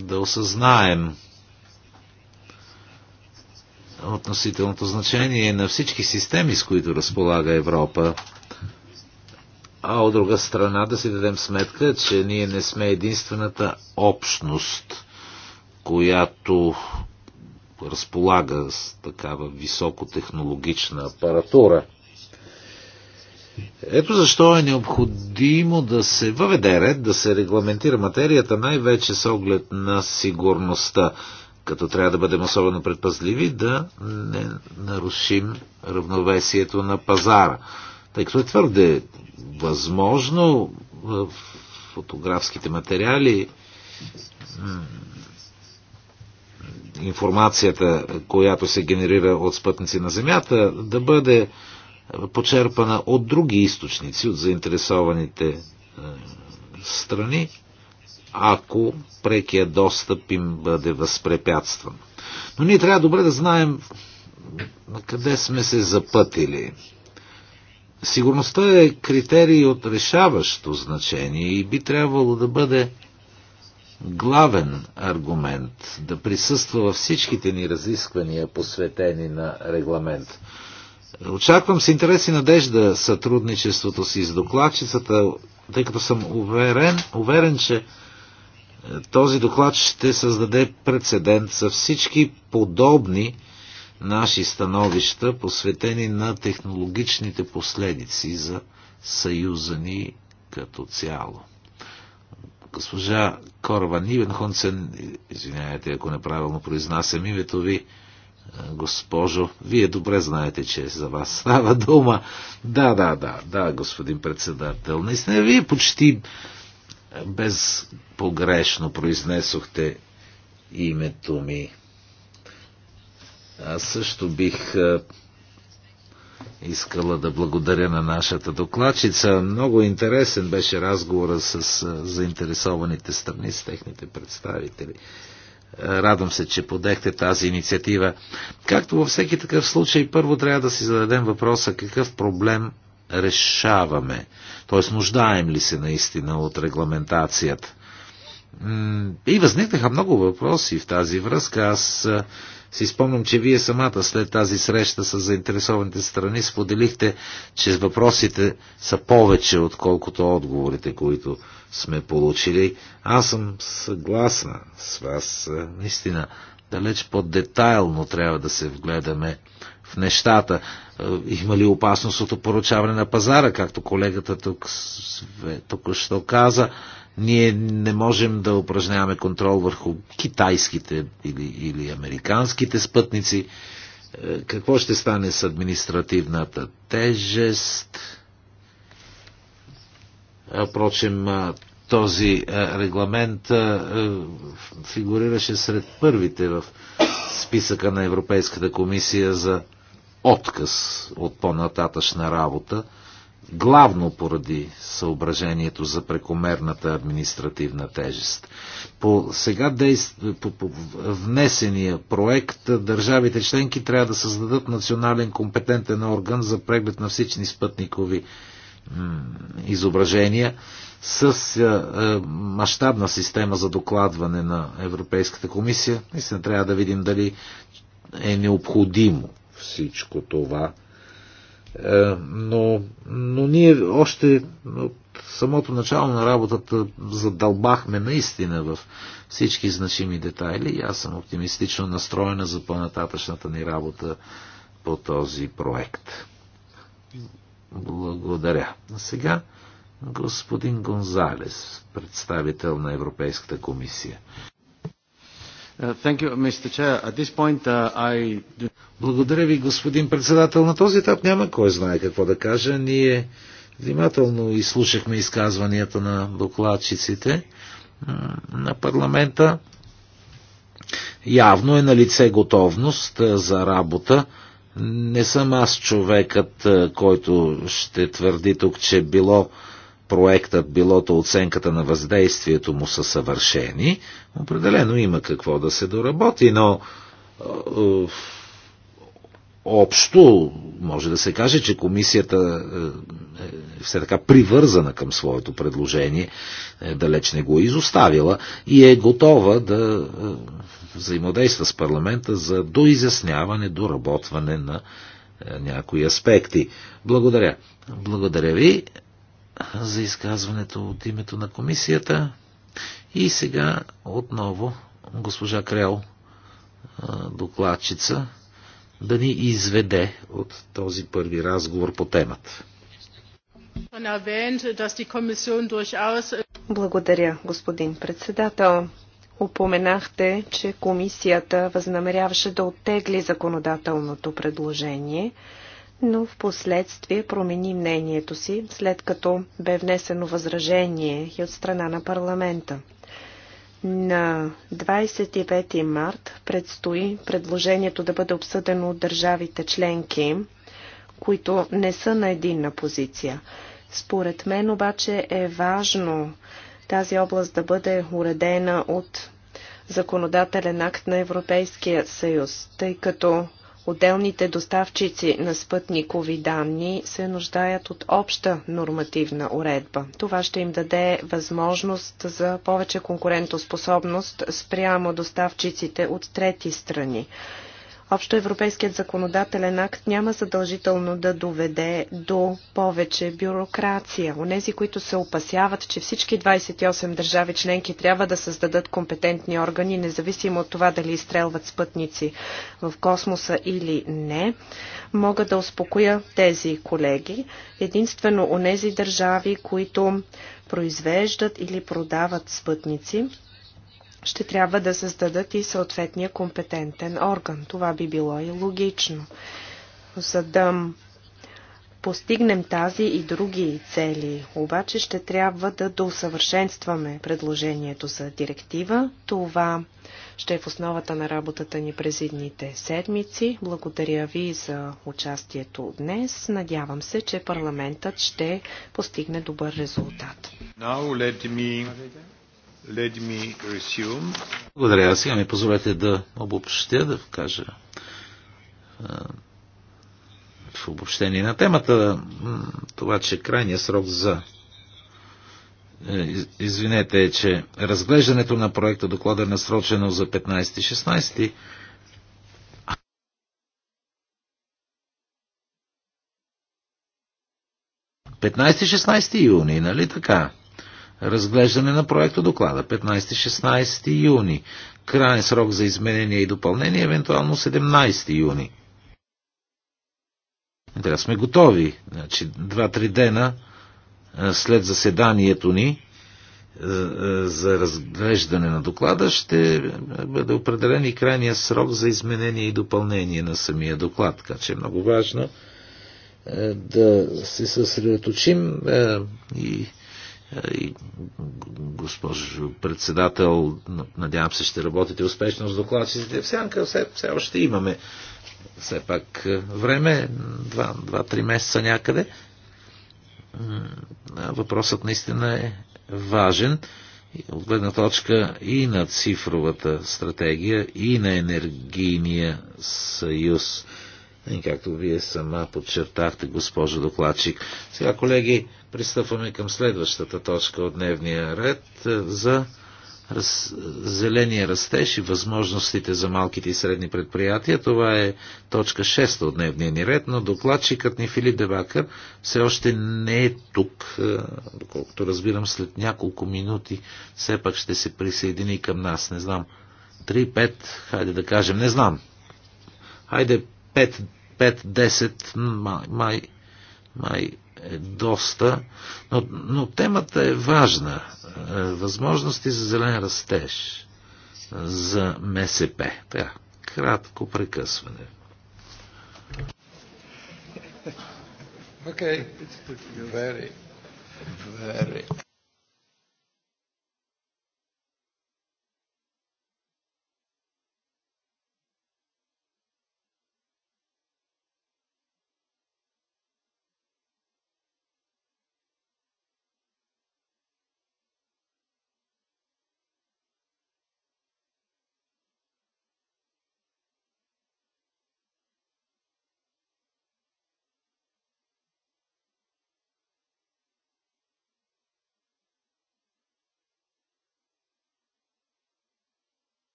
да осъзнаем относителното значение на всички системи, с които разполага Европа а от друга страна да си дадем сметка, че ние не сме единствената общност, която разполага с такава високотехнологична апаратура. Ето защо е необходимо да се въведе ред, да се регламентира материята най-вече с оглед на сигурността, като трябва да бъдем особено предпазливи да не нарушим равновесието на пазара, тъй като е твърде възможно в фотографските материали информацията, която се генерира от спътници на Земята, да бъде почерпана от други източници, от заинтересованите е, страни, ако прекия достъп им бъде възпрепятстван. Но ние трябва добре да знаем на къде сме се запътили. Сигурността е критерий от решаващо значение и би трябвало да бъде главен аргумент, да присъства във всичките ни разисквания, посветени на регламент. Очаквам с интерес и надежда сътрудничеството си с докладчицата, тъй като съм уверен, уверен че е, този доклад ще създаде прецедент за всички подобни наши становища, посветени на технологичните последици за съюза ни като цяло. Госпожа Корва Нивенхонсен, извинявайте, ако неправилно произнасям името ви, госпожо, вие добре знаете, че за вас става дума. Да, да, да, да, господин председател. Наистина, вие почти безпогрешно произнесохте името ми. Аз също бих искала да благодаря на нашата докладчица. Много интересен беше разговора с заинтересованите страни, с техните представители. Радвам се, че подехте тази инициатива. Както във всеки такъв случай, първо трябва да си зададем въпроса какъв проблем решаваме. Т.е. нуждаем ли се наистина от регламентацията? И възникнаха много въпроси в тази връзка. Аз си спомням, че вие самата след тази среща с заинтересованите страни споделихте, че въпросите са повече, отколкото отговорите, които сме получили. Аз съм съгласна с вас. Наистина, далеч по-детайлно трябва да се вгледаме в нещата. Има ли опасност от опоручаване на пазара, както колегата тук току-що каза? Ние не можем да упражняваме контрол върху китайските или, или американските спътници. Е, какво ще стане с административната тежест? Е, впрочем, е, този регламент фигурираше сред първите в списъка на Европейската комисия за отказ от по-нататъчна работа главно поради съображението за прекомерната административна тежест. По сега действ... по, по внесения проект държавите членки трябва да създадат национален компетентен орган за преглед на всички спътникови изображения с е, е, мащабна система за докладване на Европейската комисия. Наистина трябва да видим дали е необходимо всичко това е, но, но ние още от самото начало на работата задълбахме наистина в всички значими детайли и аз съм оптимистично настроена за по-нататъчната ни работа по този проект. Благодаря. А сега господин Гонзалес, представител на Европейската комисия. Е, thank you, Mr. Chair. At this point, uh, I... Благодаря ви, господин председател. На този етап няма кой знае какво да кажа. Ние внимателно изслушахме изказванията на докладчиците на парламента. Явно е на лице готовност за работа. Не съм аз човекът, който ще твърди тук, че било проектът, билото оценката на въздействието му са съвършени. Определено има какво да се доработи, но общо може да се каже, че комисията е, е все така привързана към своето предложение, е, далеч не го е изоставила и е готова да е, взаимодейства с парламента за доизясняване, доработване на някои аспекти. Благодаря. Благодаря ви за изказването от името на комисията. И сега отново госпожа Крел, докладчица да ни изведе от този първи разговор по темата. Äh, Благодаря, господин председател. Упоменахте, че комисията възнамеряваше да оттегли законодателното предложение, но в последствие промени мнението си, след като бе внесено възражение и от страна на парламента. На 25 март предстои предложението да бъде обсъдено от държавите членки, които не са на единна позиция. Според мен обаче е важно тази област да бъде уредена от законодателен акт на Европейския съюз, тъй като Отделните доставчици на спътникови данни се нуждаят от обща нормативна уредба. Това ще им даде възможност за повече конкурентоспособност спрямо доставчиците от трети страни общоевропейският законодателен акт няма задължително да доведе до повече бюрокрация. Онези, които се опасяват, че всички 28 държави членки трябва да създадат компетентни органи, независимо от това дали изстрелват спътници в космоса или не, мога да успокоя тези колеги. Единствено онези държави, които произвеждат или продават спътници, ще трябва да създадат и съответния компетентен орган. Това би било и логично. За да постигнем тази и други цели, обаче ще трябва да доусъвършенстваме предложението за директива. Това ще е в основата на работата ни през едните седмици. Благодаря ви за участието днес. Надявам се, че парламентът ще постигне добър резултат. Now let me благодаря. Сега ми позволете да обобщя, да кажа в обобщение на темата това, че крайният срок за е, извинете, е, че разглеждането на проекта доклада е насрочено за 15-16 15-16 юни, нали така? Разглеждане на проекта доклада 15-16 юни. Крайен срок за изменение и допълнение евентуално 17 юни. Трябва сме готови. Значи, 2-3 дена след заседанието ни за разглеждане на доклада ще бъде определен и крайния срок за изменение и допълнение на самия доклад. Така че е много важно да се съсредоточим и и, госпожо председател, надявам се, ще работите успешно с докладчиците. В сянка все, все още имаме все пак е, време, 2-3 месеца някъде. Въпросът наистина е важен от гледна точка и на цифровата стратегия, и на енергийния съюз. И както вие сама подчертахте, госпожо докладчик. Сега, колеги, пристъпваме към следващата точка от дневния ред е, за раз... зеления растеж и възможностите за малките и средни предприятия. Това е точка 6 от дневния ни ред, но докладчикът ни Филип Дебакър все още не е тук. Е, доколкото разбирам, след няколко минути все пак ще се присъедини към нас. Не знам. 3-5, хайде да кажем, не знам. Хайде 5 5-10, май, май, май е доста, но, но темата е важна. Е, възможности за зелен растеж е, за МСП. Така, кратко прекъсване. Okay, it's very, very.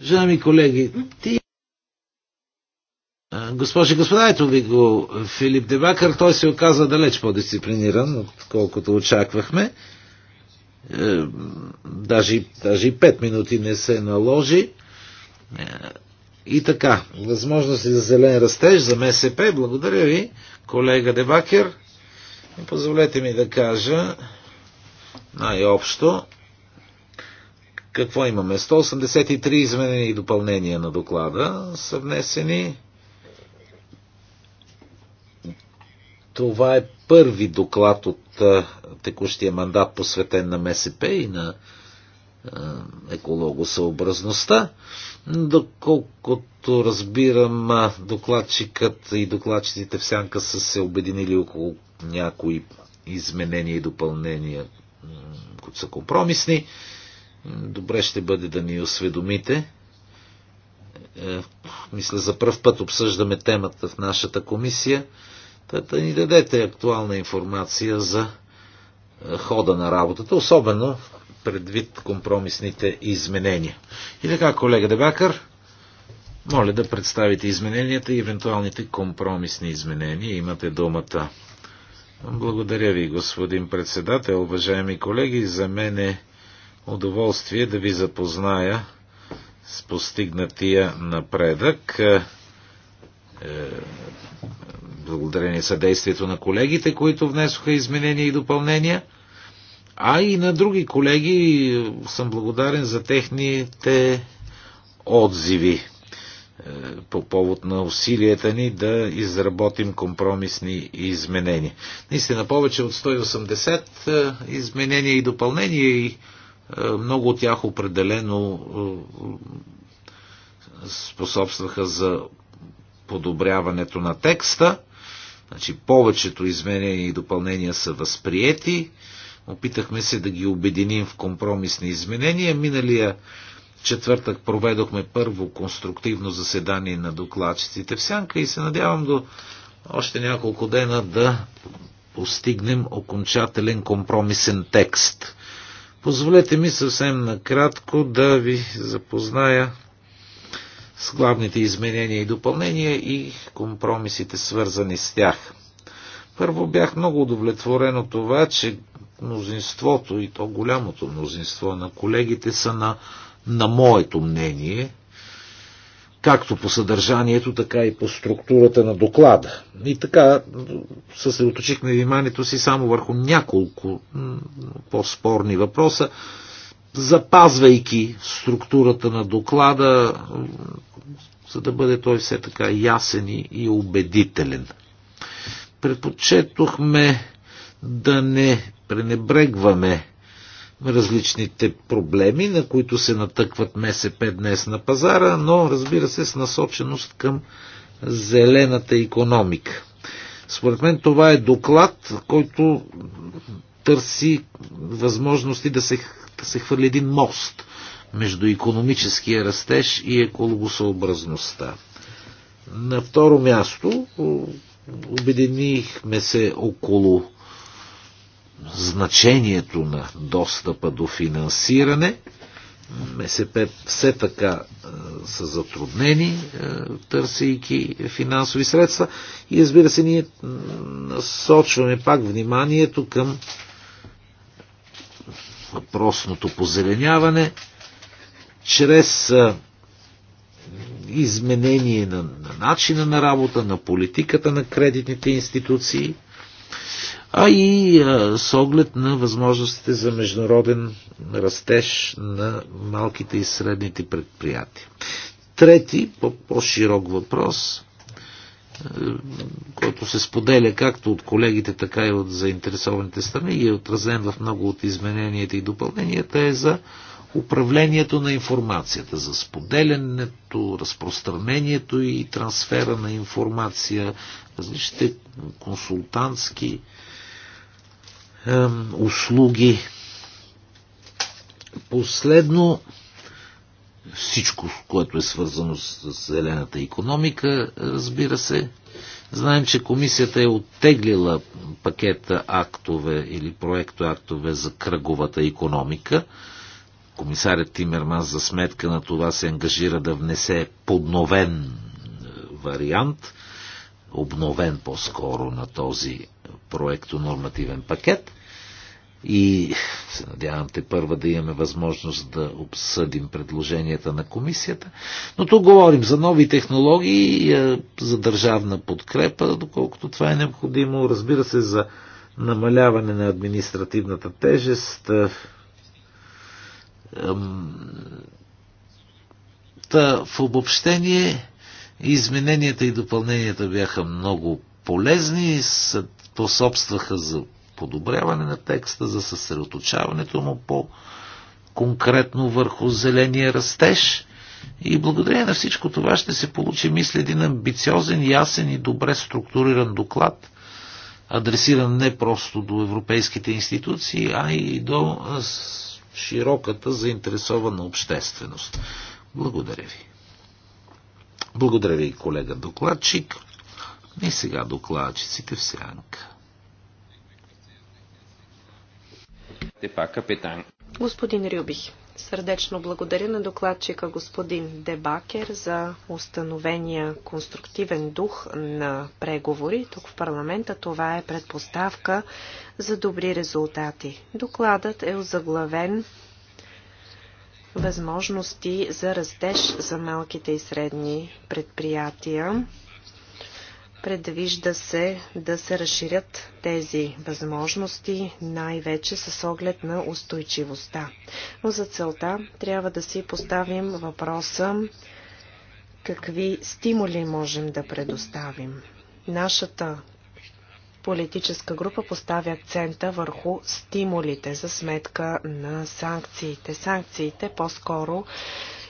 Уважаеми колеги, ти... Госпожи и господа, ето ви го Филип Дебакър. Той се оказа далеч по-дисциплиниран, отколкото очаквахме. Е, даже, даже и пет минути не се наложи. Е, и така, възможности за зелен растеж, за МСП. Благодаря ви, колега Дебакер. Позволете ми да кажа най-общо, какво имаме? 183 изменения и допълнения на доклада са внесени. Това е първи доклад от текущия мандат, посветен на МСП и на екологосъобразността. Доколкото разбирам, докладчикът и докладчиците в сянка са се обединили около някои изменения и допълнения, които са компромисни. Добре ще бъде да ни осведомите. Е, мисля, за първ път обсъждаме темата в нашата комисия. Та да ни дадете актуална информация за е, хода на работата, особено предвид компромисните изменения. И така, колега Дебакър, моля да представите измененията и евентуалните компромисни изменения. Имате думата. Благодаря ви, господин председател. Уважаеми колеги, за мен е удоволствие да ви запозная с постигнатия напредък. Е, е, благодарение съдействието на колегите, които внесоха изменения и допълнения. А и на други колеги съм благодарен за техните отзиви е, по повод на усилията ни да изработим компромисни изменения. Наистина повече от 180 изменения и допълнения и е, много от тях определено е, способстваха за подобряването на текста. Значи повечето изменения и допълнения са възприети. Опитахме се да ги обединим в компромисни изменения. Миналия четвъртък проведохме първо конструктивно заседание на докладчиците в Сянка и се надявам до още няколко дена да постигнем окончателен компромисен текст. Позволете ми съвсем накратко да ви запозная с главните изменения и допълнения и компромисите свързани с тях. Първо бях много удовлетворен от това, че мнозинството и то голямото мнозинство на колегите са на, на моето мнение – както по съдържанието, така и по структурата на доклада. И така съсредоточихме вниманието си само върху няколко по-спорни въпроса, запазвайки структурата на доклада, за да бъде той все така ясен и убедителен. Предпочетохме да не пренебрегваме различните проблеми, на които се натъкват МСП днес на пазара, но разбира се с насоченост към зелената економика. Според мен това е доклад, който търси възможности да се, да се хвърли един мост между економическия растеж и екологосъобразността. На второ място обединихме се около значението на достъпа до финансиране. МСП все така е, са затруднени, е, търсейки финансови средства. И разбира се, ние насочваме пак вниманието към въпросното позеленяване чрез е, изменение на, на начина на работа, на политиката на кредитните институции а и с оглед на възможностите за международен растеж на малките и средните предприятия. Трети, по-широк -по въпрос, който се споделя както от колегите, така и от заинтересованите страни и е отразен в много от измененията и допълненията, е за управлението на информацията, за споделянето, разпространението и трансфера на информация, различните консултантски услуги. Последно, всичко, което е свързано с зелената економика, разбира се. Знаем, че комисията е оттеглила пакета актове или актове за кръговата економика. Комисарят Тимерман за сметка на това се ангажира да внесе подновен е, вариант, обновен по-скоро на този проекто нормативен пакет и се надявам те първа да имаме възможност да обсъдим предложенията на комисията. Но тук говорим за нови технологии, е, за държавна подкрепа, доколкото това е необходимо, разбира се, за намаляване на административната тежест. Е, та, в обобщение измененията и допълненията бяха много полезни, съд способстваха за подобряване на текста, за съсредоточаването му по конкретно върху зеления растеж. И благодарение на всичко това ще се получи, мисля, един амбициозен, ясен и добре структуриран доклад, адресиран не просто до европейските институции, а и до широката заинтересована общественост. Благодаря ви. Благодаря ви, колега докладчик. И сега докладчиците в сянка. Господин Рюбих, сърдечно благодаря на докладчика господин Дебакер за установения конструктивен дух на преговори. Тук в парламента това е предпоставка за добри резултати. Докладът е озаглавен възможности за растеж за малките и средни предприятия. Предвижда се да се разширят тези възможности, най-вече с оглед на устойчивостта. Но за целта трябва да си поставим въпроса какви стимули можем да предоставим. Нашата политическа група поставя акцента върху стимулите за сметка на санкциите. Санкциите по-скоро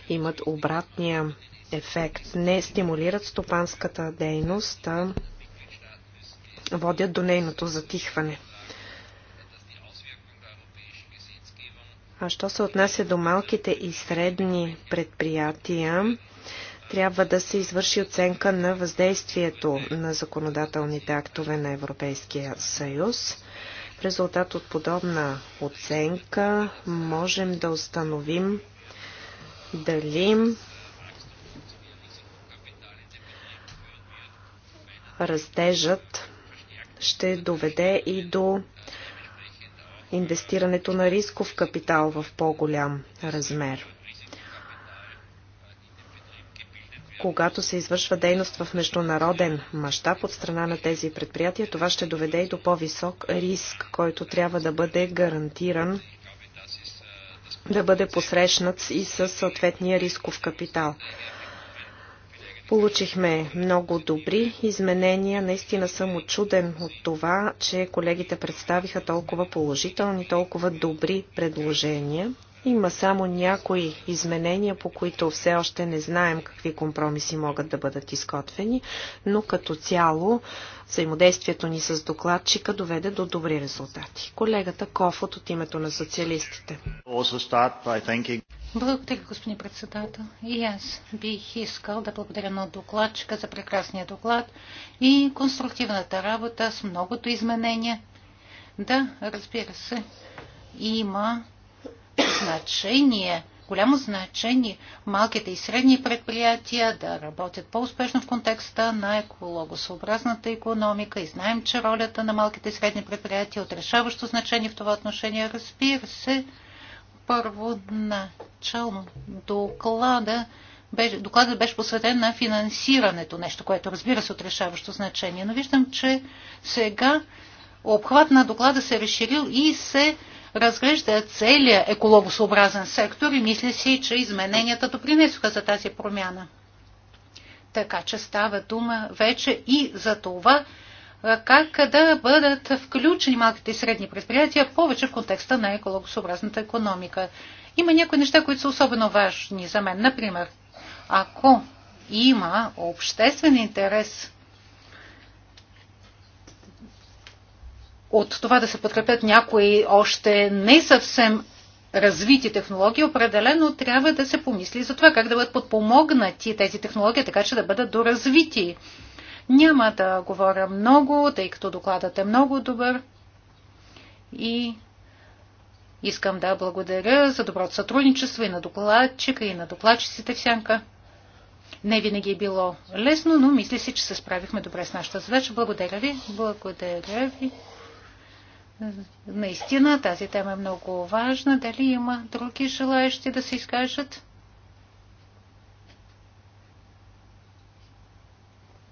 имат обратния ефект. Не стимулират стопанската дейност, а водят до нейното затихване. А що се отнася до малките и средни предприятия, трябва да се извърши оценка на въздействието на законодателните актове на Европейския съюз. В резултат от подобна оценка можем да установим дали Растежът ще доведе и до инвестирането на рисков капитал в по-голям размер. когато се извършва дейност в международен мащаб от страна на тези предприятия, това ще доведе и до по-висок риск, който трябва да бъде гарантиран да бъде посрещнат и със съответния рисков капитал. Получихме много добри изменения. Наистина съм очуден от това, че колегите представиха толкова положителни, толкова добри предложения. Има само някои изменения, по които все още не знаем какви компромиси могат да бъдат изготвени, но като цяло взаимодействието ни с докладчика доведе до добри резултати. Колегата Кофот от името на социалистите. Благодаря, господин председател. И аз бих искал да благодаря на докладчика за прекрасния доклад и конструктивната работа с многото изменения. Да, разбира се, има значение, голямо значение малките и средни предприятия да работят по-успешно в контекста на екологосъобразната економика и знаем, че ролята на малките и средни предприятия е от решаващо значение в това отношение. Разбира се, първоначално доклада беше, докладът беше посветен на финансирането, нещо, което разбира се е от решаващо значение. Но виждам, че сега обхват на доклада се е разширил и се разглежда целият екологосообразен сектор и мисля си, че измененията допринесоха за тази промяна. Така че става дума вече и за това, как да бъдат включени малките и средни предприятия повече в контекста на екологосообразната економика. Има някои неща, които са особено важни за мен. Например, ако има обществен интерес от това да се подкрепят някои още не съвсем развити технологии, определено трябва да се помисли за това как да бъдат подпомогнати тези технологии, така че да бъдат доразвити. Няма да говоря много, тъй като докладът е много добър и искам да благодаря за доброто сътрудничество и на докладчика, и на докладчиците в сянка. Не винаги е било лесно, но мисля си, че се справихме добре с нашата задача. Благодаря ви. Благодаря ви. Наистина тази тема е много важна. Дали има други желаящи да се изкажат?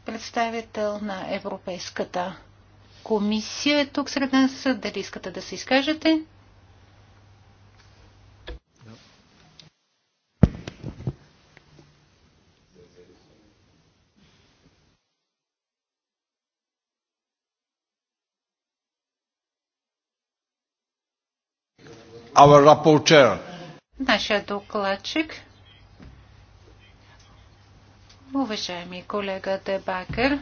Представител на Европейската комисия е тук сред нас. Дали искате да се изкажете? our rapporteur. Нашия докладчик, уважаеми колега Дебакер,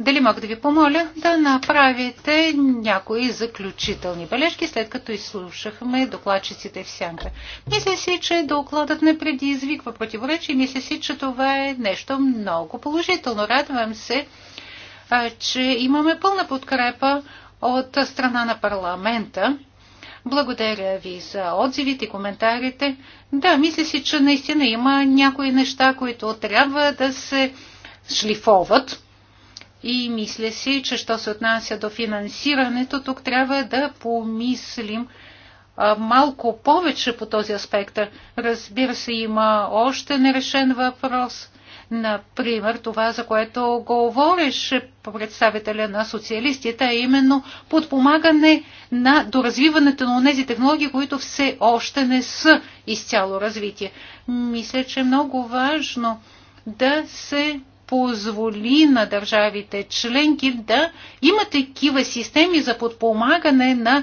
дали мога да ви помоля да направите някои заключителни бележки, след като изслушахме докладчиците в сянка? Мисля си, че докладът не предизвиква противоречие. Мисля си, че това е нещо много положително. Радвам се, че имаме пълна подкрепа от страна на парламента благодаря ви за отзивите и коментарите. Да, мисля си, че наистина има някои неща, които трябва да се шлифоват. И мисля си, че що се отнася до финансирането, тук трябва да помислим малко повече по този аспект. Разбира се, има още нерешен въпрос Например, това, за което говореше представителя на социалистите, е именно подпомагане на доразвиването на тези технологии, които все още не са изцяло развитие. Мисля, че е много важно да се позволи на държавите членки да има такива системи за подпомагане на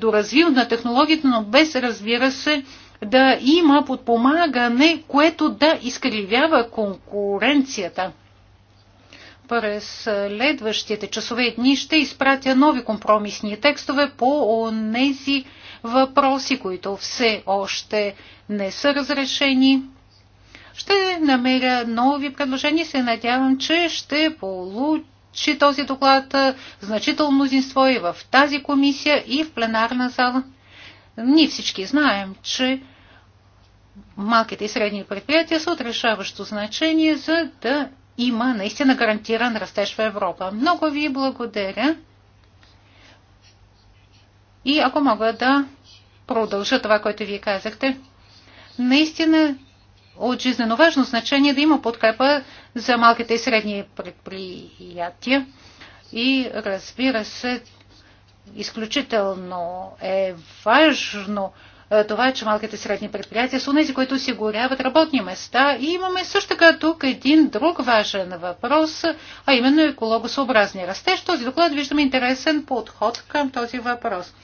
доразвиване на технологията, но без, разбира се, да има подпомагане, което да изкривява конкуренцията. През следващите часове и дни ще изпратя нови компромисни текстове по онези въпроси, които все още не са разрешени. Ще намеря нови предложения и се надявам, че ще получи този доклад значително мнозинство и в тази комисия, и в пленарна зала. Ние всички знаем, че малките и средни предприятия са от решаващо значение, за да има наистина гарантиран растеж в Европа. Много ви благодаря. И ако мога да продължа това, което вие казахте, наистина от жизнено важно значение да има подкрепа за малките и средни предприятия. И разбира се, изключително е важно е, това е, че малките и средни предприятия са тези, които осигуряват работни места. И имаме също така тук един друг важен въпрос, а именно екологосъобразния растеж. Този доклад виждаме интересен подход към този въпрос.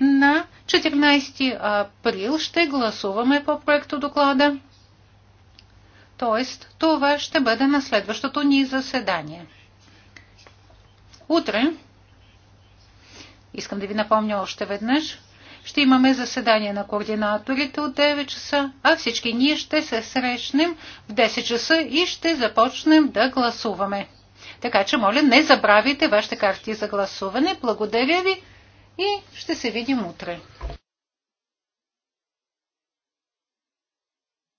На 14 април ще гласуваме по проекто доклада. Тоест, това ще бъде на следващото ни заседание. Утре, искам да ви напомня още веднъж, ще имаме заседание на координаторите от 9 часа, а всички ние ще се срещнем в 10 часа и ще започнем да гласуваме. Така че, моля, не забравяйте вашите карти за гласуване. Благодаря ви и ще се видим утре.